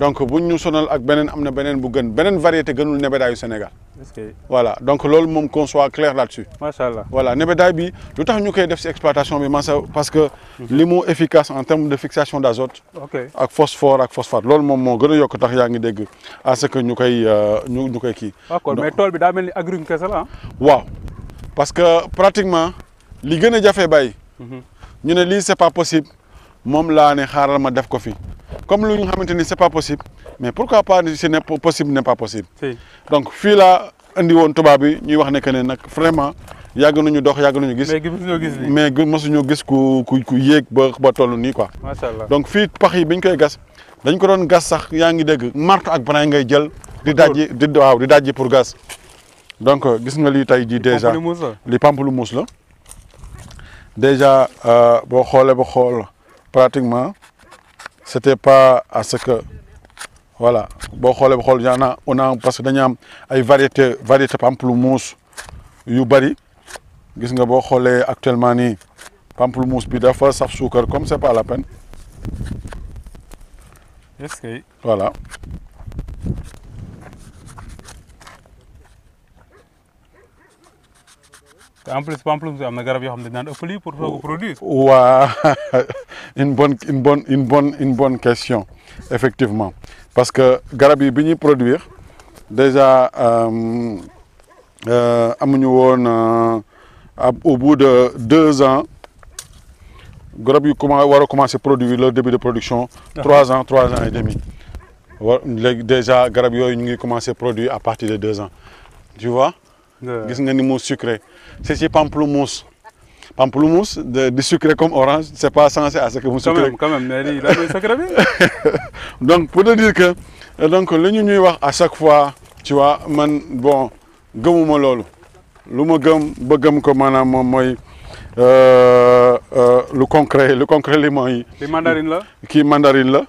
donc buñ ñu sonal ak beneen am na beneen bu gën beneen variété gënul nebedaayu Sénégal. voilà donc loolu moom consoit clair là-dessus. macha allah voilà nebedaay bi lu tax ñu koy def si exploitation bi man parce que. Mhm. li mu efficace en termes de fixation d'azote. azote. ak phosphore ak phosphate loolu moom moo gën a yokk tax yaa dégg à ce que ñu koy euh, ñu ñu koy kii. d'accord mais tool bi daa mel ni agrume kese la ah. waaw parce que pratiquement li gën a jafe bàyyi. Mhm. ñu ne lii c' pas possible moom la ne xaaral ma def ko fi comme lu ñu xamante c'est pas possible mais pourquoi pas si n'est possible n'est pas possible. donc fii laa indi woon tubaab yi ñuy wax ne que ne nag vraiment yàgg ñu dox yàgg ñu gis. mais gis mosuñu gis ku ku ku yek ba ba tollu ni quoi. macha donc fi pax yi biñ koy gas dañ ko doon gas sax yaa ngi dégg marto ak banaay ngay jël. di dajji di waaw di dajji pour gas. donc euh, gis nga li tay di déjà li pamplemousse la déjà euh, bo xolé ba xol pratiquement c'était pas à ce que voilà on a parce que des variété pamplemousse gis nga actuellement pamplemousse bi dafa saf comme c'est pas la peine. voilà. te en plus pamplemousse garab yoo xam ne daan ëpp pour produire. waa une bonne une bonne une bonne une bonne question effectivement parce que garab yi bi produire déjà euh, euh, amuñu woon euh, au bout de deux ans garab yu commencé war a produire le début de production. trois ans trois ans et demi. déjà garab a ñu ngi commencé produire à partir de deux ans tu vois. C'est nga ni sucré c'est pamplemousse pamplemousse de de sucré comme orange c'est pas censé à ce que vous sucré quand même donc pour te dire que euh, donc à chaque fois tu vois man bon le euh, euh, concret le concret Le le Les mandarine là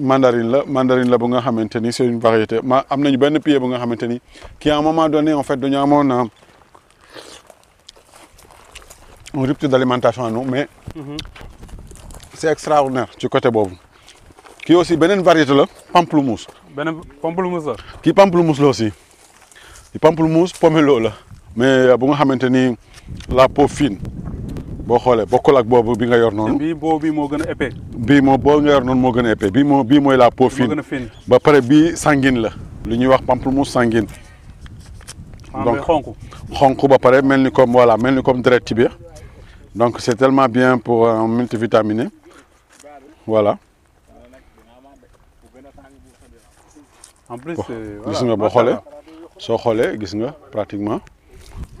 mandarine la mandarine la bu nga xamanteni c'est une variété ma amnañu nañu benn pied bu nga xamanteni qui à un moment donné en fait dañu amoon euh, un rupture d'alimentation à nous mais mhm. c'est extraordinaire du côté bobu qui aussi benen variété la pamplemousse. benen pamplemousse qui pamplemousse là aussi le pamplemousse pomelo la mais bu nga xamanteni la peau fine bokole xoolee bokkul ak boobu bi nga yor non. Bi bobu bii moo gën a épais. bii moom boobu nga yor non mo gëna épais bii moo bii la peau fine. ba paré bi sanguine la. lu ñuy wax pamplemousse sanguine. Ah, donc xonk. xonk ba paré melni comme voilà melni comme deret ci donc c'est tellement bien pour un multivitaminé voilà. en plus. Euh, gis nga boo xoolee soo gis nga pratiquement.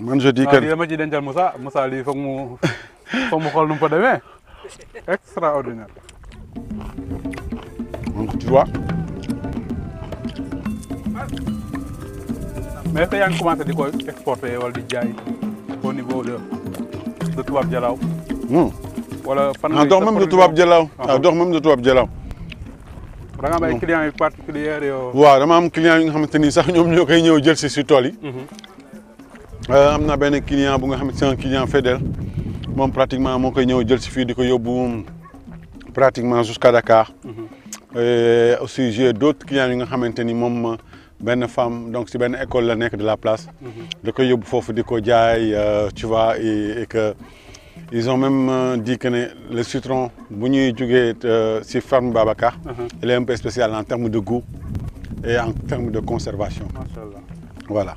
man je dis que ah kan. dama ci dëndal Moussa Moussa li fokk mu fokk mu extraordinaire donc tu vois mais fa yang commencé diko exporter wala di jaay au niveau de de Touab Jalaw hmm wala fan ah dox même de Touab Jalaw ah dox même de Touab Jalaw da nga am ay clients particuliers yo wa dama am clients yi nga xamanteni sax ñom ñokay ñew jël ci ci tool yi hmm Euh, am na benn client bu nga xam c'est un client fidèle moom pratiquement je koy ñëw jël pratiquement jusqu'à Dakar. Mhm. Et aussi j'ai d'autres clients qui nga xamante ni ben femme donc c'est ben école la de la place. Mhm. da koy yóbbu foofu di ko euh, tu vois et, et que ils ont même euh, dit que le citron bu ñuy jugee si ferme Babacar. Mhm. il est un peu spécial en termes de goût et en termes de conservation. Machallah. voilà.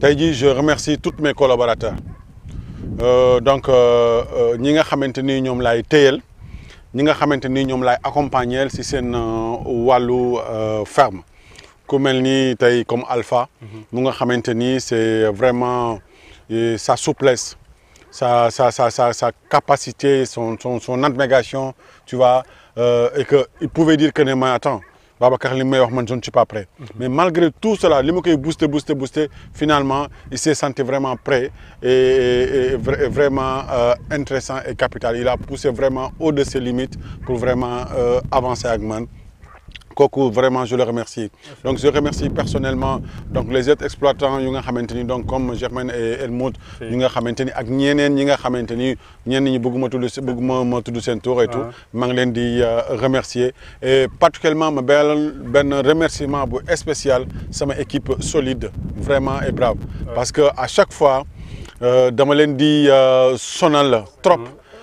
tey je remercie tous mes collaborateurs euh, donc euh, euh, ñi nga xamante ni ñoom laay téyal ñi nga xamante ni ñoom laay accompagner si seen euh, ferme ku mel ni tey comme Alpha mhm. mu nga xamante c'est vraiment sa souplesse sa sa sa sa sa capacité son son son abnégation tu vois et que il pouvait dire que ne mais attends Babacar je ne suis pas prêt. Mhm. mais malgré tout cela lui qui boosté. booster booster booster finalement il s'est senti vraiment prêt et vraiment euh, intéressant et capital il a poussé vraiment au de ses limites pour vraiment euh, avancer avec man. Coucou, vraiment je le remercie donc je remercie personnellement donc les autres exploitants donc comme Germaine et Helmut et nga xamante ak et tout Je ah. euh, et particulièrement je remerciement spécial, équipe solide vraiment et brave ah. parce que chaque fois je euh, leen euh, trop ah.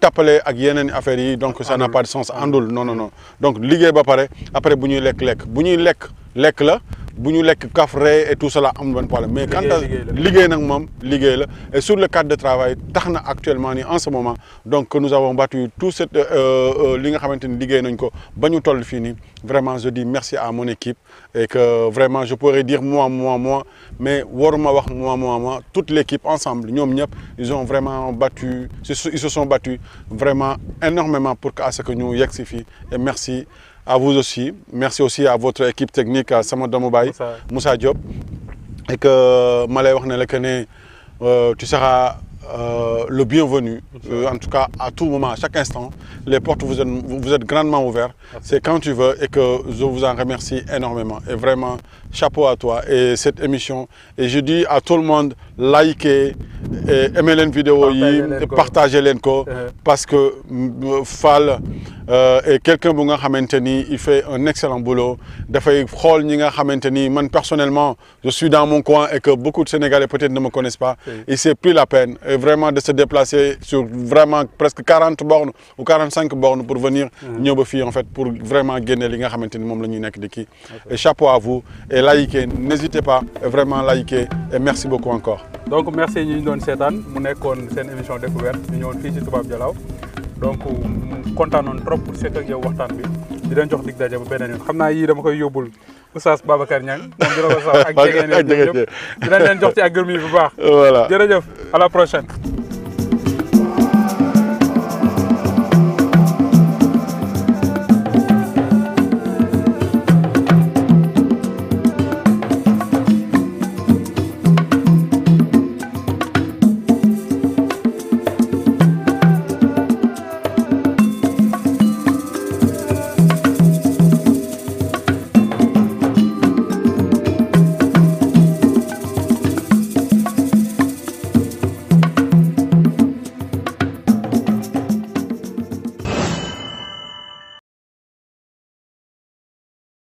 tapalé ak yenen affaire yi donc ça n'a pas de sens àndul non non non donc liggéey ba paré après buñuy lek lek buñuy lek lek la buñuy lek lekk et tout cela am benn problème mais quand à liggéey nag moom la et sur le cadre de travail taxna actuellement ni en ce moment donc nous avons battu tout cette euh, euh, li nga xamanteni ni liggéey nañ ko bañu ñu toll vraiment je dis merci à mon équipe et que vraiment je pourrais dire moi, moi, moi, mais avoir moi, moi, moi, toute l'équipe ensemble, ils ont vraiment battu, ils se sont battus vraiment énormément pour que ce que nous yexifions et merci à vous aussi, merci aussi à votre équipe technique, à Samadou Moussa. Moussa Diop, et que Malay euh, tu seras euh, le bienvenu. Euh, en tout cas, à tout moment, à chaque instant, les portes vous êtes, vous êtes grandement ouvertes. C'est quand tu veux et que je vous en remercie énormément. Et vraiment, chapeau à toi et cette émission. Et je dis à tout le monde, likez, et aimez les vidéo, partagez les uh-huh. parce que euh, Fall euh, est quelqu'un qui il fait un excellent boulot. Moi personnellement, je suis dans mon coin et que beaucoup de Sénégalais peut-être ne me connaissent pas. Il s'est pris la peine vraiment de se déplacer sur vraiment presque 40 bornes ou 45 bornes pour venir mm en fait, pour vraiment gagner les gens qui Et chapeau à vous et n'hésitez pas vraiment liker et merci beaucoup encore. donc merci à nous cette année. mu émission découverte Nous sommes ci Toubab Dialaw donc kontaanoon trop pour seq yow waxtaan bi di leen jox dig daje ba beneen yoon xam dama koy yobul. Babacar Niang vous sax ak jox ci yi bu baax. voilà à la prochaine.